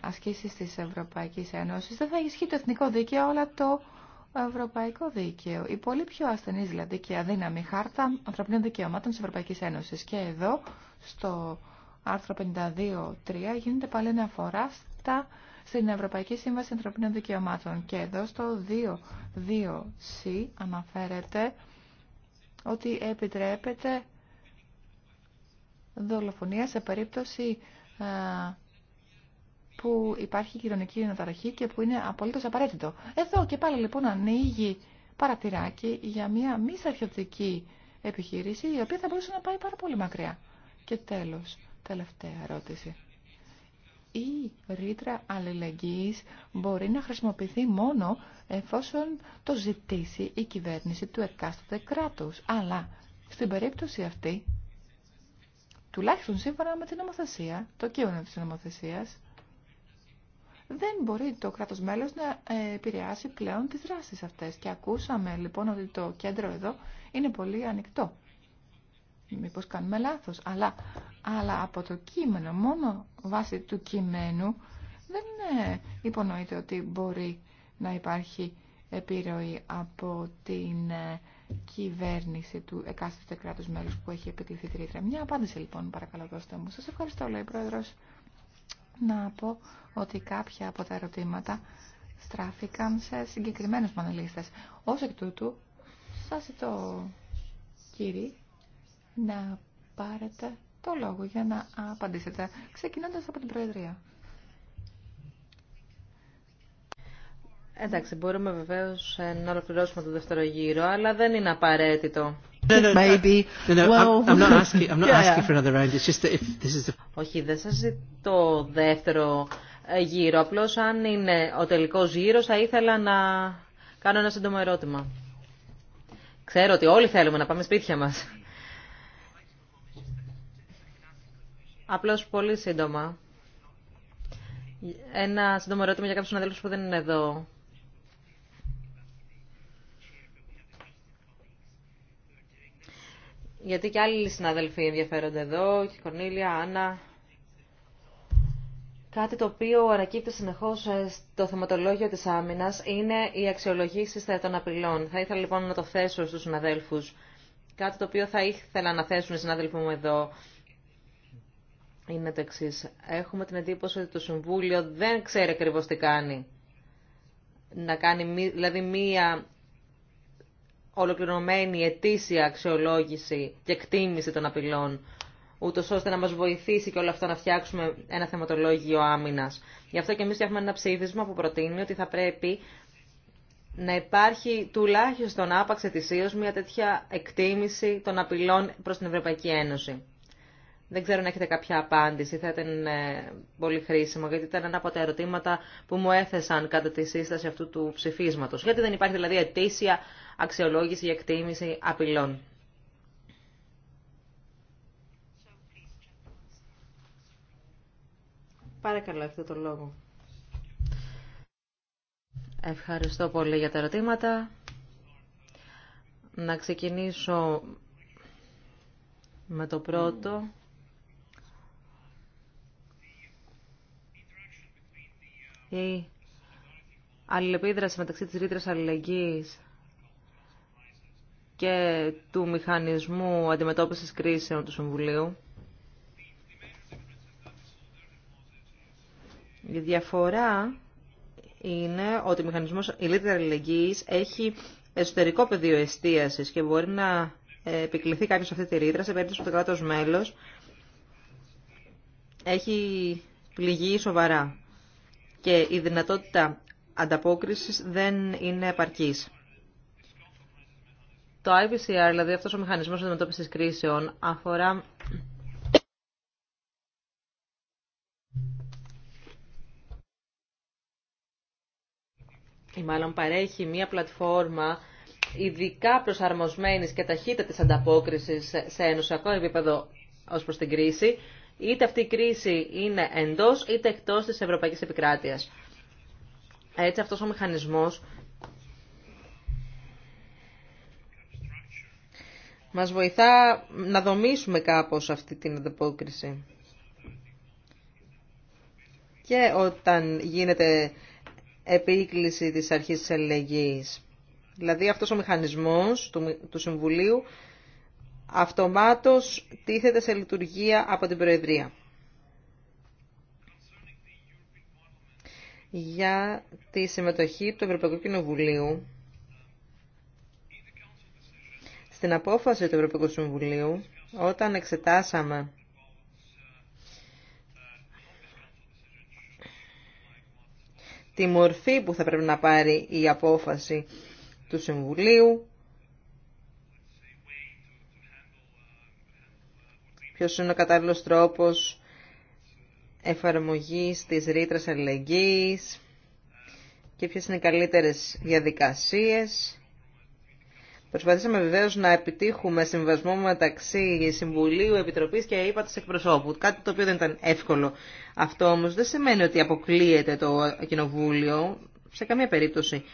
ασκήσεις της Ευρωπαϊκής Ένωσης δεν θα ισχύει το εθνικό δίκαιο, αλλά το ευρωπαϊκό δίκαιο. Η πολύ πιο ασθενής δηλαδή και αδύναμη χάρτα ανθρωπίνων δικαιωμάτων της Ευρωπαϊκής Ένωσης. Και εδώ, στο άρθρο 52.3, γίνεται πάλι αφορά στα στην Ευρωπαϊκή Σύμβαση Ανθρωπίνων Δικαιωμάτων. Και εδώ στο 22 αναφέρεται ότι επιτρέπεται δολοφονία σε περίπτωση ε, που υπάρχει κοινωνική αναταραχή και που είναι απολύτως απαραίτητο. Εδώ και πάλι λοιπόν ανοίγει παρατηράκι για μια μη στρατιωτική επιχείρηση η οποία θα μπορούσε να πάει πάρα πολύ μακριά. Και τέλος, τελευταία ερώτηση. Η ρήτρα αλληλεγγύης μπορεί να χρησιμοποιηθεί μόνο εφόσον το ζητήσει η κυβέρνηση του εκάστοτε κράτους. Αλλά στην περίπτωση αυτή τουλάχιστον σύμφωνα με την νομοθεσία, το κείμενο της νομοθεσίας, δεν μπορεί το κράτος μέλος να ε, επηρεάσει πλέον τις δράσεις αυτές. Και ακούσαμε λοιπόν ότι το κέντρο εδώ είναι πολύ ανοιχτό. Μήπως κάνουμε λάθος, αλλά, αλλά από το κείμενο, μόνο βάσει του κειμένου, δεν ε, υπονοείται ότι μπορεί να υπάρχει επιρροή από την ε, κυβέρνηση του εκάστοτε κράτου μέλους που έχει επιτηθεί τη ρήτρα. Μια απάντηση λοιπόν παρακαλώ δώστε μου. Σας ευχαριστώ λέει πρόεδρο να πω ότι κάποια από τα ερωτήματα στράφηκαν σε συγκεκριμένους πανελίστε. Ω εκ τούτου σας ζητώ κύριε να πάρετε το λόγο για να απαντήσετε ξεκινώντας από την Προεδρία. Εντάξει, μπορούμε βεβαίω ε, να ολοκληρώσουμε το δεύτερο γύρο, αλλά δεν είναι απαραίτητο. Όχι, δεν σα ζητώ δεύτερο ε, γύρο. Απλώ αν είναι ο τελικό γύρο, θα ήθελα να κάνω ένα σύντομο ερώτημα. Ξέρω ότι όλοι θέλουμε να πάμε σπίτια μα. Απλώ πολύ σύντομα. Ένα σύντομο ερώτημα για κάποιου συναδέλφου που δεν είναι εδώ Γιατί και άλλοι συναδελφοί ενδιαφέρονται εδώ, και η Κορνίλια, Άννα. Κάτι το οποίο ανακύπτει συνεχώς ε, στο θεματολόγιο της Άμυνα είναι οι αξιολογήσει των απειλών. Θα ήθελα λοιπόν να το θέσω στου συναδέλφου. Κάτι το οποίο θα ήθελα να θέσουν οι συνάδελφοι μου εδώ είναι το εξή. Έχουμε την εντύπωση ότι το Συμβούλιο δεν ξέρει ακριβώ τι κάνει. Να κάνει δηλαδή μία ολοκληρωμένη ετήσια αξιολόγηση και εκτίμηση των απειλών, ούτω ώστε να μα βοηθήσει και όλα αυτά να φτιάξουμε ένα θεματολόγιο άμυνα. Γι' αυτό και εμεί έχουμε ένα ψήφισμα που προτείνει ότι θα πρέπει να υπάρχει τουλάχιστον άπαξ ετησίω μια τέτοια εκτίμηση των απειλών προ την Ευρωπαϊκή Ένωση. Δεν ξέρω αν έχετε κάποια απάντηση, θα ήταν ε, πολύ χρήσιμο, γιατί ήταν ένα από τα ερωτήματα που μου έθεσαν κατά τη σύσταση αυτού του ψηφίσματος. Γιατί δεν υπάρχει δηλαδή αιτήσια αξιολόγηση ή εκτίμηση απειλών. Παρακαλώ, αυτό το λόγο. Ευχαριστώ πολύ για τα ερωτήματα. Να ξεκινήσω με το πρώτο. η αλληλεπίδραση μεταξύ της ρήτρας αλληλεγγύης και του μηχανισμού αντιμετώπισης κρίσεων του Συμβουλίου. Η διαφορά είναι ότι ο μηχανισμός ηλίτερα αλληλεγγύης έχει εσωτερικό πεδίο εστίασης και μπορεί να επικληθεί κάποιος αυτή τη ρήτρα σε περίπτωση που το κράτος μέλος έχει πληγή σοβαρά και η δυνατότητα ανταπόκρισης δεν είναι επαρκής. Το IVCR, δηλαδή αυτός ο μηχανισμός αντιμετώπισης κρίσεων, αφορά ή μάλλον παρέχει μία πλατφόρμα ειδικά προσαρμοσμένης και ταχύτητας ανταπόκρισης σε ενωσιακό επίπεδο ως προς την κρίση, είτε αυτή η κρίση είναι εντός είτε εκτός της ευρωπαϊκής επικράτειας. Έτσι αυτός ο μηχανισμός μας βοηθά να δομήσουμε κάπως αυτή την ανταπόκριση. Και όταν γίνεται επίκληση της αρχής της ελεγγύης. Δηλαδή αυτός ο μηχανισμός του, του Συμβουλίου αυτομάτως τίθεται σε λειτουργία από την Προεδρία. Για τη συμμετοχή του Ευρωπαϊκού Κοινοβουλίου στην απόφαση του Ευρωπαϊκού Συμβουλίου, όταν εξετάσαμε τη μορφή που θα πρέπει να πάρει η απόφαση του Συμβουλίου, ποιος είναι ο κατάλληλος τρόπος εφαρμογής της ρήτρας αλληλεγγύης και ποιες είναι οι καλύτερες διαδικασίες. Προσπαθήσαμε βεβαίως να επιτύχουμε συμβασμό μεταξύ Συμβουλίου, Επιτροπής και ΕΕ η εκπροσώπου. Κάτι το οποίο δεν ήταν εύκολο. Αυτό όμως δεν σημαίνει ότι αποκλείεται το Κοινοβούλιο σε καμία περίπτωση.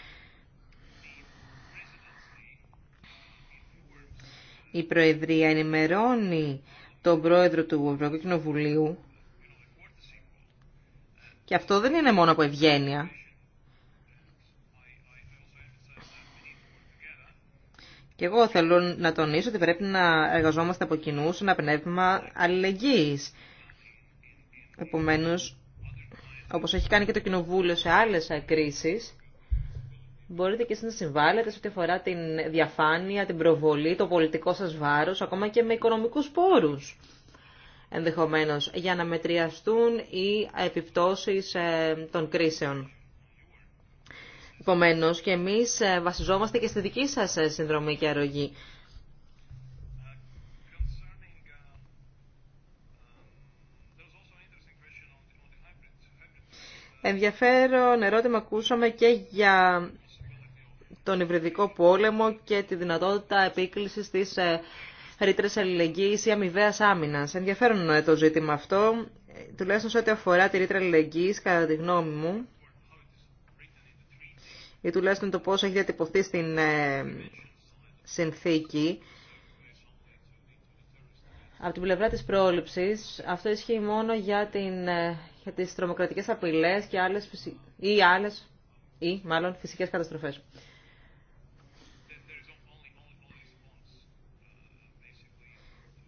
Η Προεδρία ενημερώνει τον πρόεδρο του Ευρωπαϊκού Κοινοβουλίου και αυτό δεν είναι μόνο από ευγένεια. Και εγώ θέλω να τονίσω ότι πρέπει να εργαζόμαστε από κοινού σε ένα πνεύμα αλληλεγγύης. Επομένως, όπως έχει κάνει και το Κοινοβούλιο σε άλλες κρίσεις, μπορείτε και εσείς να συμβάλλετε σε ό,τι αφορά την διαφάνεια, την προβολή, το πολιτικό σας βάρος, ακόμα και με οικονομικούς πόρους ενδεχομένως, για να μετριαστούν οι επιπτώσεις ε, των κρίσεων. Επομένω, και εμείς ε, βασιζόμαστε και στη δική σας ε, συνδρομή και αρρωγή. Ενδιαφέρον ερώτημα ακούσαμε και για τον υβριδικό πόλεμο και τη δυνατότητα επίκλησης της ε, ρήτρες αλληλεγγύης ή αμοιβαία άμυνα. Ενδιαφέρον το ζήτημα αυτό, τουλάχιστον σε ό,τι αφορά τη ρήτρα αλληλεγγύης, κατά τη γνώμη μου, ή τουλάχιστον το πώς έχει διατυπωθεί στην ε, συνθήκη. Από την πλευρά της πρόληψης, αυτό ισχύει μόνο για, την, ε, για τις τρομοκρατικές απειλές και άλλες, ή άλλες ή μάλλον φυσικές καταστροφές.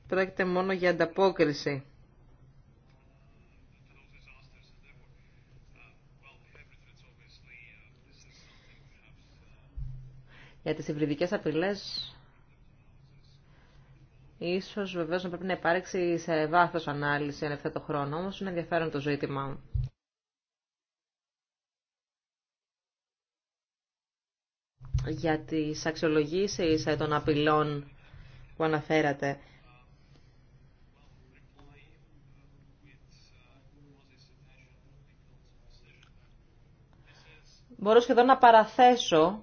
πρόκειται μόνο για ανταπόκριση. Για τις υβριδικές απειλές, ίσως βεβαίως να πρέπει να υπάρξει σε βάθος ανάλυση αν το χρόνο, όμως είναι ενδιαφέρον το ζήτημα. Για τις αξιολογήσεις των απειλών που αναφέρατε, μπορώ σχεδόν να παραθέσω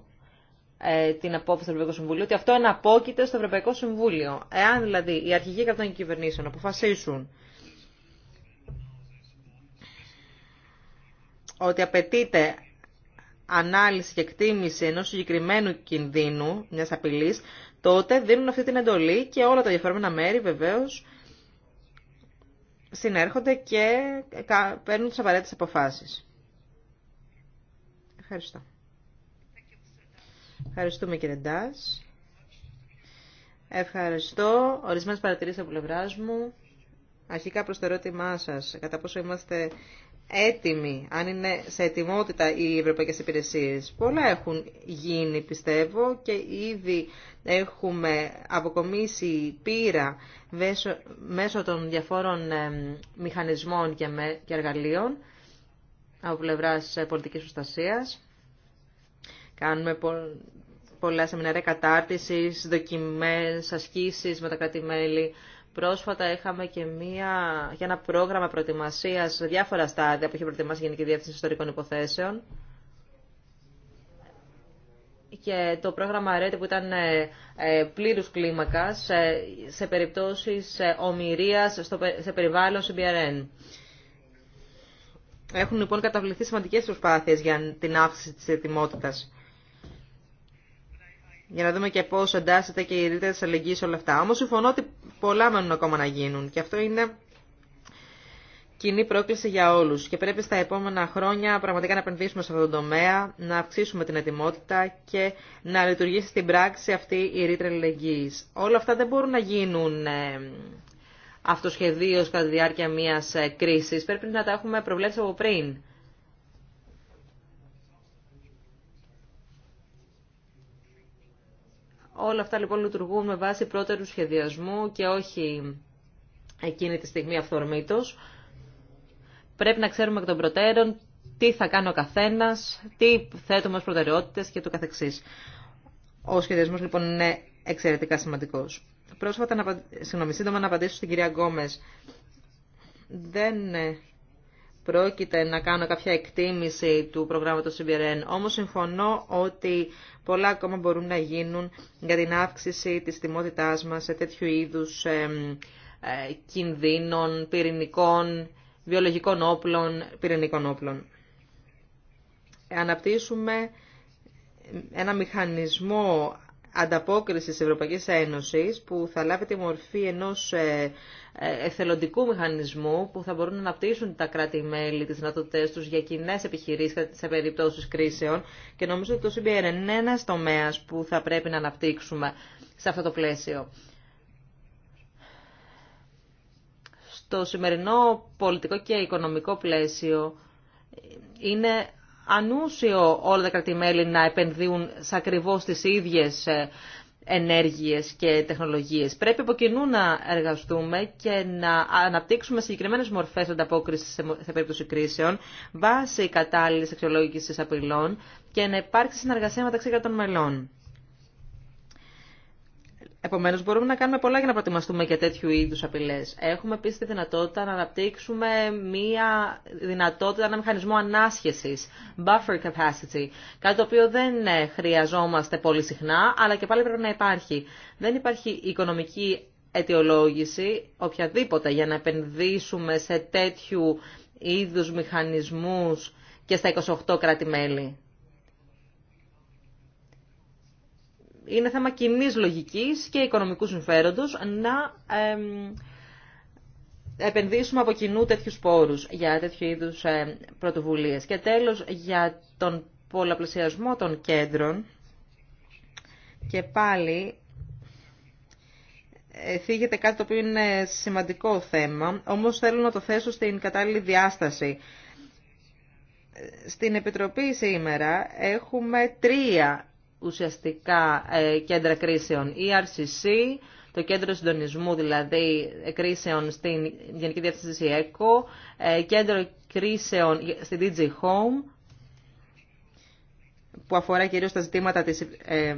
ε, την απόφαση του Ευρωπαϊκού Συμβουλίου ότι αυτό εναπόκειται στο Ευρωπαϊκό Συμβούλιο. Εάν δηλαδή οι αρχηγοί κρατών κυβερνήσεων αποφασίσουν ότι απαιτείται ανάλυση και εκτίμηση ενός συγκεκριμένου κινδύνου μιας απειλής, τότε δίνουν αυτή την εντολή και όλα τα διαφορεμένα μέρη βεβαίως συνέρχονται και παίρνουν τις απαραίτητες αποφάσεις. Ευχαριστώ. Ευχαριστούμε κύριε Ντάς. Ευχαριστώ. Ορισμένες παρατηρήσεις από πλευρά μου. Αρχικά προς το ερώτημά σας, κατά πόσο είμαστε έτοιμοι, αν είναι σε ετοιμότητα οι ευρωπαϊκές υπηρεσίες. Πολλά έχουν γίνει, πιστεύω, και ήδη έχουμε αποκομίσει πείρα μέσω των διαφόρων μηχανισμών και εργαλείων από πλευρά πολιτική προστασία. Κάνουμε πολλά σεμινάρια κατάρτιση, δοκιμές, ασκήσει με τα κράτη-μέλη. Πρόσφατα είχαμε και, μία, και ένα πρόγραμμα προετοιμασία σε διάφορα στάδια που είχε προετοιμάσει η Γενική Διεύθυνση Ιστορικών Υποθέσεων. Και το πρόγραμμα ΡΕΤ που ήταν ε, ε, πλήρους κλίμακας ε, σε περιπτώσεις ομοιρίας σε περιβάλλον CBRN. Έχουν λοιπόν καταβληθεί σημαντικές προσπάθειες για την αύξηση της ετοιμότητας. Για να δούμε και πώς εντάσσεται και η ρήτρα της αλληλεγγύης όλα αυτά. Όμως συμφωνώ ότι πολλά μένουν ακόμα να γίνουν και αυτό είναι κοινή πρόκληση για όλους και πρέπει στα επόμενα χρόνια πραγματικά να επενδύσουμε σε αυτόν τον τομέα, να αυξήσουμε την ετοιμότητα και να λειτουργήσει στην πράξη αυτή η ρήτρα αλληλεγγύης. Όλα αυτά δεν μπορούν να γίνουν ε, αυτοσχεδίως κατά τη διάρκεια μιας ε, κρίσης. Πρέπει να τα έχουμε προβλέψει από πριν. Όλα αυτά λοιπόν λειτουργούν με βάση πρώτερου σχεδιασμού και όχι εκείνη τη στιγμή αυθορμήτως. Πρέπει να ξέρουμε εκ των προτέρων τι θα κάνει ο καθένας, τι θέτουμε ως προτεραιότητες και το καθεξής. Ο σχεδιασμός λοιπόν είναι εξαιρετικά σημαντικός. Πρόσφατα, να, συγγνώμη, σύντομα να απαντήσω στην κυρία Γκόμες. Δεν ε, πρόκειται να κάνω κάποια εκτίμηση του προγράμματος CBRN, όμως συμφωνώ ότι πολλά ακόμα μπορούν να γίνουν για την αύξηση της τιμότητάς μας σε τέτοιου είδους ε, κινδύνων, πυρηνικών, βιολογικών όπλων, πυρηνικών όπλων. Αναπτύσσουμε ένα μηχανισμό ανταπόκριση της Ευρωπαϊκής Ένωσης που θα λάβει τη μορφή ενός ε, ε, εθελοντικού μηχανισμού που θα μπορούν να αναπτύσσουν τα κράτη-μέλη, τις δυνατότητές τους για κοινέ επιχειρήσεις σε περιπτώσεις κρίσεων και νομίζω ότι το CBR είναι ένας τομέας που θα πρέπει να αναπτύξουμε σε αυτό το πλαίσιο. Στο σημερινό πολιτικό και οικονομικό πλαίσιο ε, είναι ανούσιο όλα τα κρατημέλη να επενδύουν σε ακριβώς τις ίδιες ε, ενέργειες και τεχνολογίες. Πρέπει από κοινού να εργαστούμε και να αναπτύξουμε συγκεκριμένες μορφές ανταπόκρισης σε περίπτωση κρίσεων, βάσει κατάλληλης αξιολόγησης απειλών και να υπάρξει συνεργασία μεταξύ κρατών μελών. Επομένω, μπορούμε να κάνουμε πολλά για να προετοιμαστούμε και τέτοιου είδου απειλέ. Έχουμε επίση τη δυνατότητα να αναπτύξουμε μία δυνατότητα, ένα μηχανισμό ανάσχεση, buffer capacity, κάτι το οποίο δεν ε, χρειαζόμαστε πολύ συχνά, αλλά και πάλι πρέπει να υπάρχει. Δεν υπάρχει οικονομική αιτιολόγηση οποιαδήποτε για να επενδύσουμε σε τέτοιου είδους μηχανισμούς και στα 28 κράτη-μέλη. είναι θέμα κοινή λογικής και οικονομικού συμφέροντος να επενδύσουμε από κοινού τέτοιου πόρου για τέτοιου είδους ε, πρωτοβουλίε. Και τέλος, για τον πολλαπλασιασμό των κέντρων και πάλι ε, θίγεται κάτι το οποίο είναι σημαντικό θέμα, όμως θέλω να το θέσω στην κατάλληλη διάσταση. Ε, στην Επιτροπή σήμερα έχουμε τρία ουσιαστικά ε, κέντρα κρίσεων. ERCC, το κέντρο συντονισμού δηλαδή ε, κρίσεων στην Γενική Διεύθυνση ΕΚΟ, ε, κέντρο κρίσεων στη DG Home, που αφορά κυρίως τα ζητήματα της ε,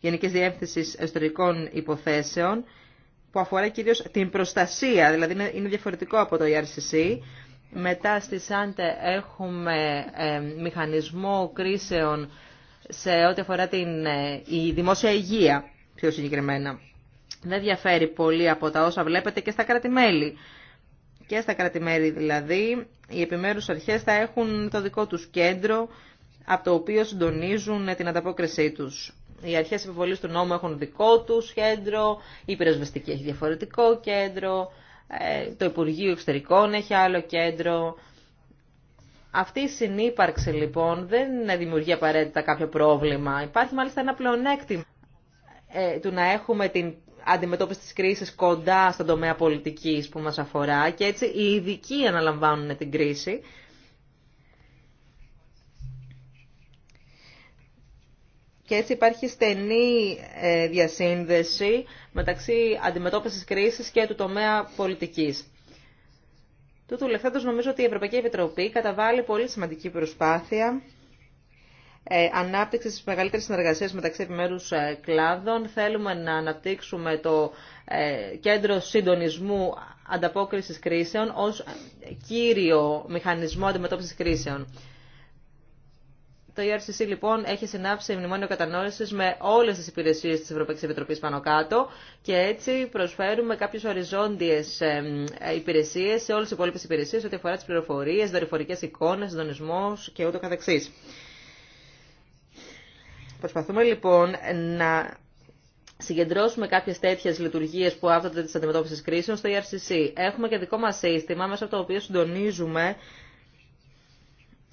Γενικής Διεύθυνσης Υποθέσεων, που αφορά κυρίως την προστασία, δηλαδή είναι διαφορετικό από το ERCC. Μετά στη ΣΑΝΤΕ έχουμε μηχανισμό κρίσεων σε ό,τι αφορά την, ε, η δημόσια υγεία πιο συγκεκριμένα. Δεν διαφέρει πολύ από τα όσα βλέπετε και στα κρατη Και στα κρατη δηλαδή, οι επιμέρους αρχές θα έχουν το δικό τους κέντρο από το οποίο συντονίζουν ε, την ανταπόκρισή τους. Οι αρχές επιβολής του νόμου έχουν δικό τους κέντρο, η πυροσβεστική έχει διαφορετικό κέντρο, ε, το Υπουργείο Εξωτερικών έχει άλλο κέντρο, αυτή η συνύπαρξη λοιπόν δεν δημιουργεί απαραίτητα κάποιο πρόβλημα. Υπάρχει μάλιστα ένα πλεονέκτημα ε, του να έχουμε την αντιμετώπιση της κρίσης κοντά στον τομέα πολιτικής που μας αφορά και έτσι οι ειδικοί αναλαμβάνουν την κρίση. Και έτσι υπάρχει στενή ε, διασύνδεση μεταξύ αντιμετώπισης κρίσης και του τομέα πολιτικής. Τούτου λεχθέντος νομίζω ότι η Ευρωπαϊκή Επιτροπή καταβάλει πολύ σημαντική προσπάθεια ε, ανάπτυξη της μεγαλύτερης συνεργασίας μεταξύ επιμέρους ε, κλάδων. Θέλουμε να αναπτύξουμε το ε, κέντρο συντονισμού ανταπόκρισης κρίσεων ως ε, κύριο μηχανισμό αντιμετώπισης κρίσεων. Το ERCC λοιπόν έχει συνάψει μνημόνιο κατανόηση με όλε τι υπηρεσίε τη Ευρωπαϊκή Επιτροπή πάνω κάτω και έτσι προσφέρουμε κάποιε οριζόντιε υπηρεσίε σε όλε τι υπόλοιπε υπηρεσίε ό,τι αφορά τι πληροφορίε, δορυφορικέ εικόνε, συντονισμό και ούτω καθεξής. Προσπαθούμε λοιπόν να συγκεντρώσουμε κάποιε τέτοιε λειτουργίε που άφτονται τη αντιμετώπιση κρίσεων στο ERCC. Έχουμε και δικό μα σύστημα μέσα από το οποίο συντονίζουμε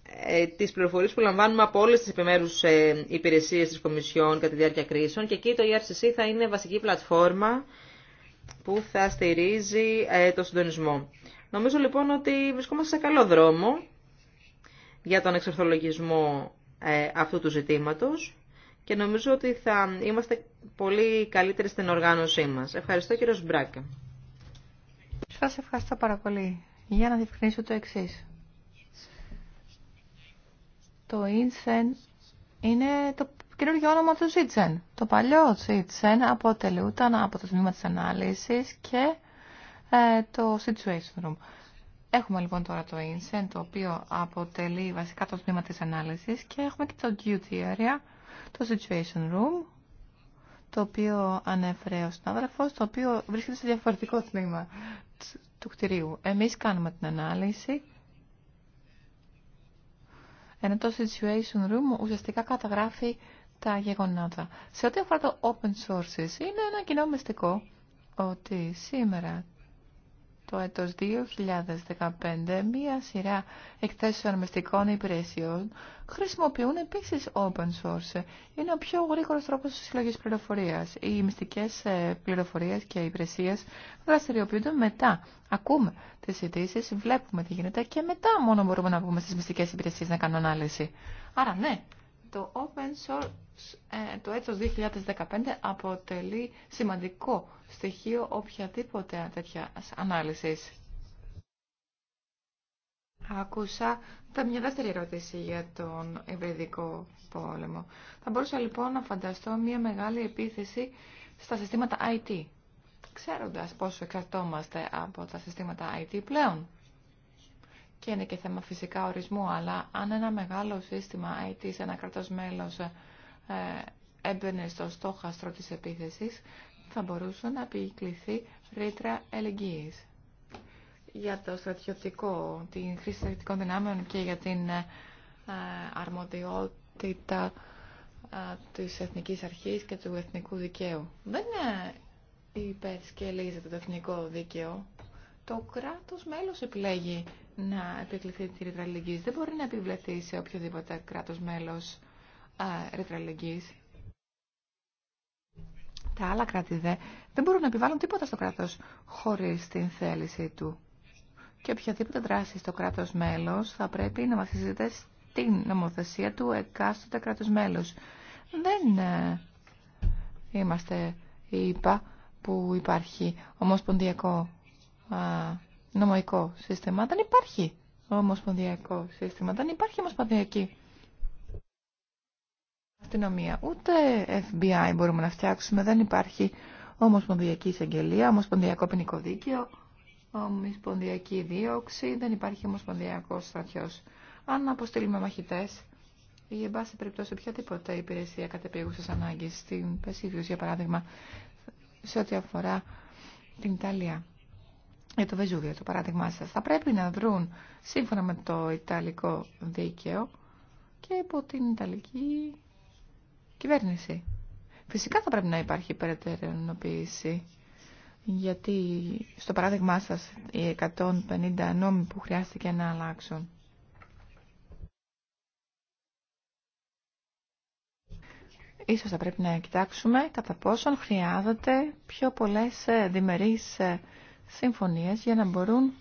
ε, τις πληροφορίες που λαμβάνουμε από όλες τις επιμέρους ε, υπηρεσίες της Κομισιόν κατά τη διάρκεια κρίσεων και εκεί το ERCC θα είναι βασική πλατφόρμα που θα στηρίζει ε, το συντονισμό. Νομίζω λοιπόν ότι βρισκόμαστε σε καλό δρόμο για τον εξορθολογισμό αυτού του ζητήματος και νομίζω ότι θα είμαστε πολύ καλύτεροι στην οργάνωσή μας. Ευχαριστώ κύριο Σμπράκε. Σας ευχαριστώ πάρα πολύ. Για να διευκρινίσω το εξής. Το Ίνσεν είναι το καινούργιο όνομα του Ζίτσεν. Το παλιό Ζίτσεν αποτελούταν από το τμήμα της ανάλυσης και ε, το Situation Room. Έχουμε λοιπόν τώρα το Ίνσεν, το οποίο αποτελεί βασικά το τμήμα της ανάλυσης και έχουμε και το Duty Area, το Situation Room, το οποίο ανέφερε ο συνάδελφος, το οποίο βρίσκεται σε διαφορετικό τμήμα του κτηρίου. Εμείς κάνουμε την ανάλυση ενώ το Situation Room ουσιαστικά καταγράφει τα γεγονότα. Σε ό,τι αφορά το Open Sources, είναι ένα κοινό μυστικό ότι σήμερα το έτος 2015 μία σειρά εκθέσεων μυστικών υπηρεσιών χρησιμοποιούν επίσης open source. Είναι ο πιο γρήγορος τρόπος της συλλογής πληροφορίας. Οι μυστικές ε, πληροφορίες και υπηρεσίες δραστηριοποιούνται μετά. Ακούμε τις ειδήσει, βλέπουμε τι γίνεται και μετά μόνο μπορούμε να πούμε στις μυστικές υπηρεσίες να κάνουν ανάλυση. Άρα ναι, το open source ε, το έτος 2015 αποτελεί σημαντικό στοιχείο οποιαδήποτε τέτοια ανάλυσης. Άκουσα μια δεύτερη ερώτηση για τον υβριδικό πόλεμο. Θα μπορούσα λοιπόν να φανταστώ μια μεγάλη επίθεση στα συστήματα IT, ξέροντας πόσο εξαρτώμαστε από τα συστήματα IT πλέον και είναι και θέμα φυσικά ορισμού, αλλά αν ένα μεγάλο σύστημα IT σε ένα κρατός μέλος ε, έμπαινε στο στόχαστρο της επίθεσης, θα μπορούσε να επικληθεί ρήτρα ελεγγύης. Για το στρατιωτικό, την χρήση στρατιωτικών δυνάμεων και για την ε, αρμοδιότητα ε, της Εθνικής Αρχής και του Εθνικού Δικαίου. Δεν υπερσκελίζεται το Εθνικό Δίκαιο. Το κράτος μέλος επιλέγει να επικληθεί τη ρήτρα Δεν μπορεί να επιβλεφθεί σε οποιοδήποτε κράτος μέλος α, Τα άλλα κράτη δε δεν μπορούν να επιβάλλουν τίποτα στο κράτος χωρίς την θέλησή του. Και οποιαδήποτε δράση στο κράτος μέλος θα πρέπει να βασίζεται στην νομοθεσία του εκάστοτε κράτος μέλος. Δεν ε, είμαστε, είπα, που υπάρχει ομοσπονδιακό νομοϊκό σύστημα. Δεν υπάρχει ομοσπονδιακό σύστημα. Δεν υπάρχει ομοσπονδιακή αστυνομία. Ούτε FBI μπορούμε να φτιάξουμε. Δεν υπάρχει ομοσπονδιακή εισαγγελία, ομοσπονδιακό ποινικό δίκαιο, ομοσπονδιακή δίωξη. Δεν υπάρχει ομοσπονδιακό στρατιό. Αν αποστείλουμε μαχητέ ή, εν πάση περιπτώσει, οποιαδήποτε υπηρεσία κατεπίγουσα ανάγκη, στην Πεσίβιου, για παράδειγμα, σε ό,τι αφορά την Ιταλία για το Βεζούβιο, το παράδειγμά σας, θα πρέπει να βρουν σύμφωνα με το Ιταλικό δίκαιο και υπό την Ιταλική κυβέρνηση. Φυσικά θα πρέπει να υπάρχει περαιτέρω γιατί στο παράδειγμά σας οι 150 νόμοι που χρειάστηκε να αλλάξουν. Ίσως θα πρέπει να κοιτάξουμε κατά πόσον χρειάζεται πιο πολλές ε, διμερείς ε, συμφωνίες για να μπορούν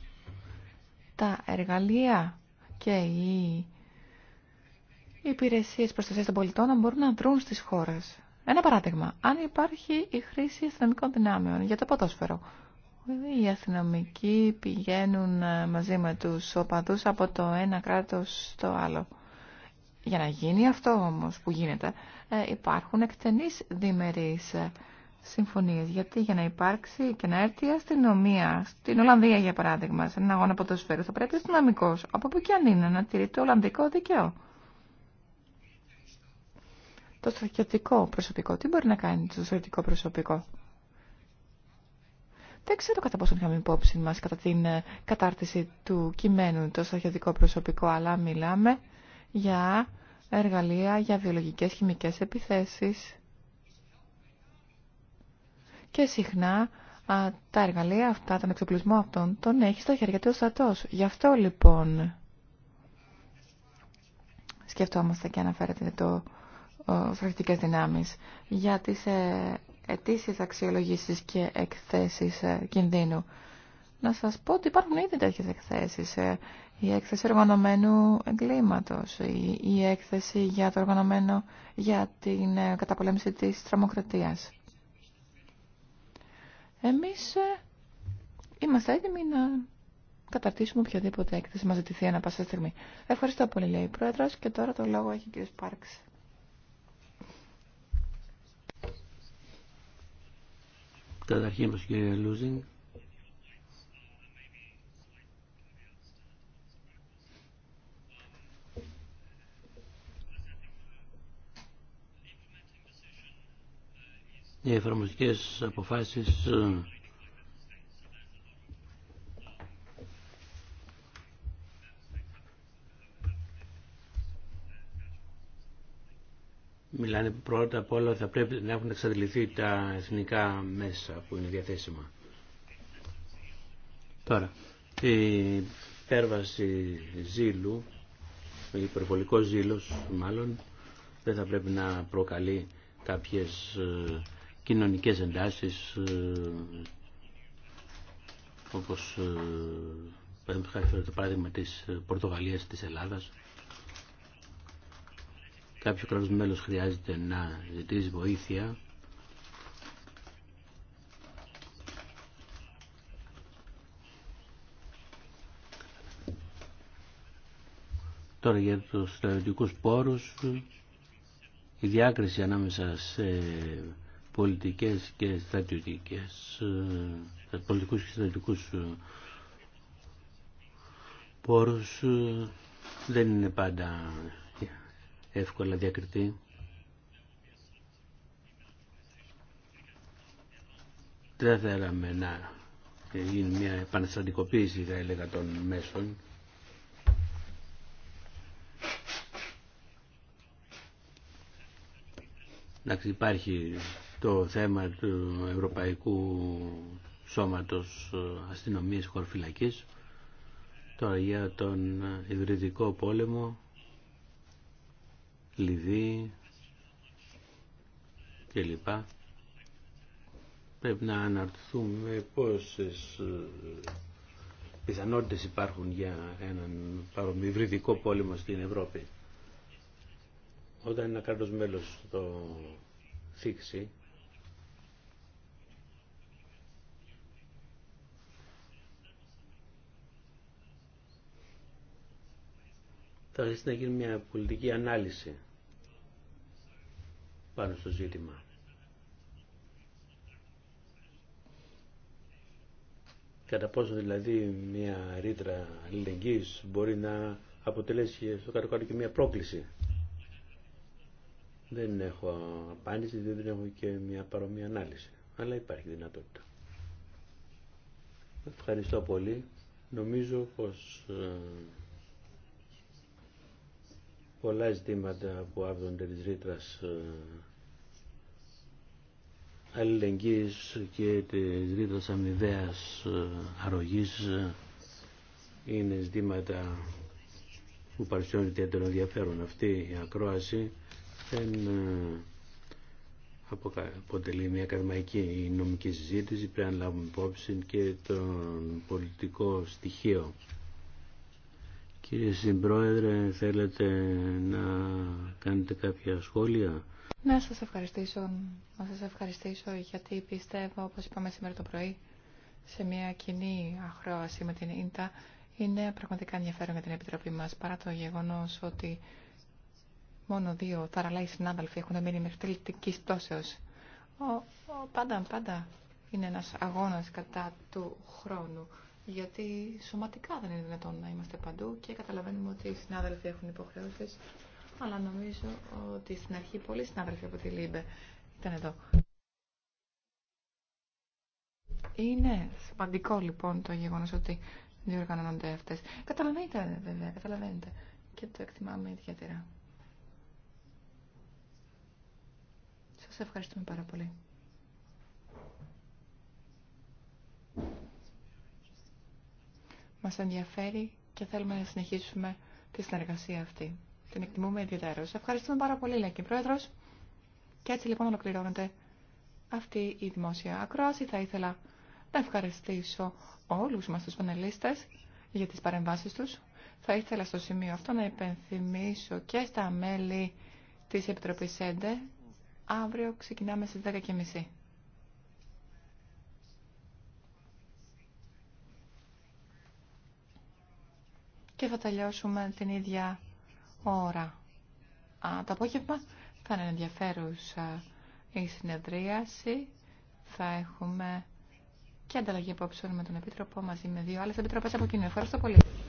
τα εργαλεία και οι υπηρεσίες προστασίας των πολιτών να μπορούν να δρουν στις χώρες. Ένα παράδειγμα, αν υπάρχει η χρήση αστυνομικών δυνάμεων για το ποτόσφαιρο. οι αστυνομικοί πηγαίνουν ε, μαζί με τους οπαδούς από το ένα κράτος στο άλλο. Για να γίνει αυτό όμως που γίνεται, ε, υπάρχουν εκτενείς διμερείς ε, συμφωνίες. Γιατί για να υπάρξει και να έρθει η αστυνομία στην Ολλανδία, για παράδειγμα, σε έναν αγώνα ποδοσφαίρου, θα πρέπει αστυνομικό, από που και αν είναι, να τηρεί το Ολλανδικό δικαίωμα. Το στρατιωτικό προσωπικό, τι μπορεί να κάνει το στρατιωτικό προσωπικό. Δεν ξέρω κατά πόσο είχαμε υπόψη μας κατά την ε, κατάρτιση του κειμένου το στρατιωτικό προσωπικό, αλλά μιλάμε για εργαλεία, για βιολογικές, χημικές επιθέσεις και συχνά α, τα εργαλεία αυτά, τον εξοπλισμό αυτών, τον έχει στα χέρια του ο στρατός. Γι' αυτό λοιπόν σκεφτόμαστε και αναφέρεται το στρατιωτικές δυνάμεις για τις ε, ετήσιες αξιολογήσεις και εκθέσεις ε, κινδύνου. Να σας πω ότι υπάρχουν ήδη τέτοιες εκθέσεις. Ε, η έκθεση οργανωμένου εγκλήματος, η, έκθεση για, το για την ε, καταπολέμηση της τρομοκρατίας. Εμείς ε, είμαστε έτοιμοι να καταρτήσουμε οποιαδήποτε έκθεση μας ζητηθεί ανά πάσα στιγμή. Ευχαριστώ πολύ, λέει η Πρόεδρος, και τώρα το λόγο έχει ο κ. Πάρξ. Καταρχήν μας κ. Λούζινγκ, οι εφαρμοστικές αποφάσεις ε, μιλάνε πρώτα απ' όλα θα πρέπει να έχουν εξαντληθεί τα εθνικά μέσα που είναι διαθέσιμα. Τώρα, η υπέρβαση ζήλου, ο υπερβολικός ζήλος μάλλον, δεν θα πρέπει να προκαλεί κάποιες ε, κοινωνικές εντάσεις ε, όπως ε, το παράδειγμα της Πορτογαλίας της Ελλάδας κάποιο κράτος μέλος χρειάζεται να ζητήσει βοήθεια Τώρα για τους στρατιωτικούς πόρους η διάκριση ανάμεσα σε πολιτικές και στρατιωτικές, ε, πολιτικούς και στρατιωτικούς ε, πόρους ε, δεν είναι πάντα εύκολα διακριτή. Δεν θέλαμε να γίνει μια επαναστατικοποίηση, θα έλεγα, των μέσων. Να υπάρχει το θέμα του Ευρωπαϊκού Σώματος Αστυνομίας Χορφυλακής τώρα για τον Ιδρυτικό Πόλεμο Λιβύη κλπ. Πρέπει να αναρτηθούμε πόσες ε, πιθανότητες υπάρχουν για έναν παρομοιβριδικό πόλεμο στην Ευρώπη. Όταν ένα κράτος μέλος το θίξει, θα χρειαστεί να γίνει μια πολιτική ανάλυση πάνω στο ζήτημα. Κατά πόσο δηλαδή μια ρήτρα αλληλεγγύης μπορεί να αποτελέσει στο κάτω κάτω και μια πρόκληση. Δεν έχω απάντηση, δεν έχω και μια παρόμοια ανάλυση. Αλλά υπάρχει δυνατότητα. Ευχαριστώ πολύ. Νομίζω πως ε, πολλά ζητήματα που άπτονται της ρήτρας ε, αλληλεγγύης και της ρήτρας αμοιβαίας ε, αρρωγής ε, είναι ζητήματα που παρουσιάζουν ιδιαίτερο ενδιαφέρον. Αυτή η ακρόαση δεν αποτελεί μια ακαδημαϊκή νομική συζήτηση, πρέπει να λάβουμε υπόψη και το πολιτικό στοιχείο Κύριε Συμπρόεδρε, θέλετε να κάνετε κάποια σχόλια. Να σας ευχαριστήσω, να σας ευχαριστήσω γιατί πιστεύω, όπως είπαμε σήμερα το πρωί, σε μια κοινή αχρόαση με την ίντα, είναι πραγματικά ενδιαφέρον για την Επιτροπή μας, παρά το γεγονός ότι μόνο δύο θαραλέοι συνάδελφοι έχουν μείνει μέχρι τελική πτώσεως. Ο, ο, πάντα, πάντα είναι ένας αγώνας κατά του χρόνου γιατί σωματικά δεν είναι δυνατόν να είμαστε παντού και καταλαβαίνουμε ότι οι συνάδελφοι έχουν υποχρεώσει. αλλά νομίζω ότι στην αρχή πολλοί συνάδελφοι από τη ΛΥΜΠΕ ήταν εδώ. Είναι σημαντικό λοιπόν το γεγονός ότι διοργανώνονται αυτές. Καταλαβαίνετε βέβαια, καταλαβαίνετε και το εκτιμάμε ιδιαίτερα. Σας ευχαριστούμε πάρα πολύ μας ενδιαφέρει και θέλουμε να συνεχίσουμε τη συνεργασία αυτή. Την εκτιμούμε ιδιαίτερως. Ευχαριστούμε πάρα πολύ, Λέκη Πρόεδρος. Και έτσι λοιπόν ολοκληρώνεται αυτή η δημόσια ακρόαση. Θα ήθελα να ευχαριστήσω όλους μας τους πανελίστες για τις παρεμβάσεις τους. Θα ήθελα στο σημείο αυτό να υπενθυμίσω και στα μέλη της Επιτροπής ΕΝΤΕ. Αύριο ξεκινάμε στις 10.30. και θα τελειώσουμε την ίδια ώρα. Α, το απόγευμα θα είναι ενδιαφέρουσα η συνεδρίαση. Θα έχουμε και ανταλλαγή απόψεων με τον Επίτροπο μαζί με δύο άλλες επιτροπές από κοινού. Ευχαριστώ πολύ.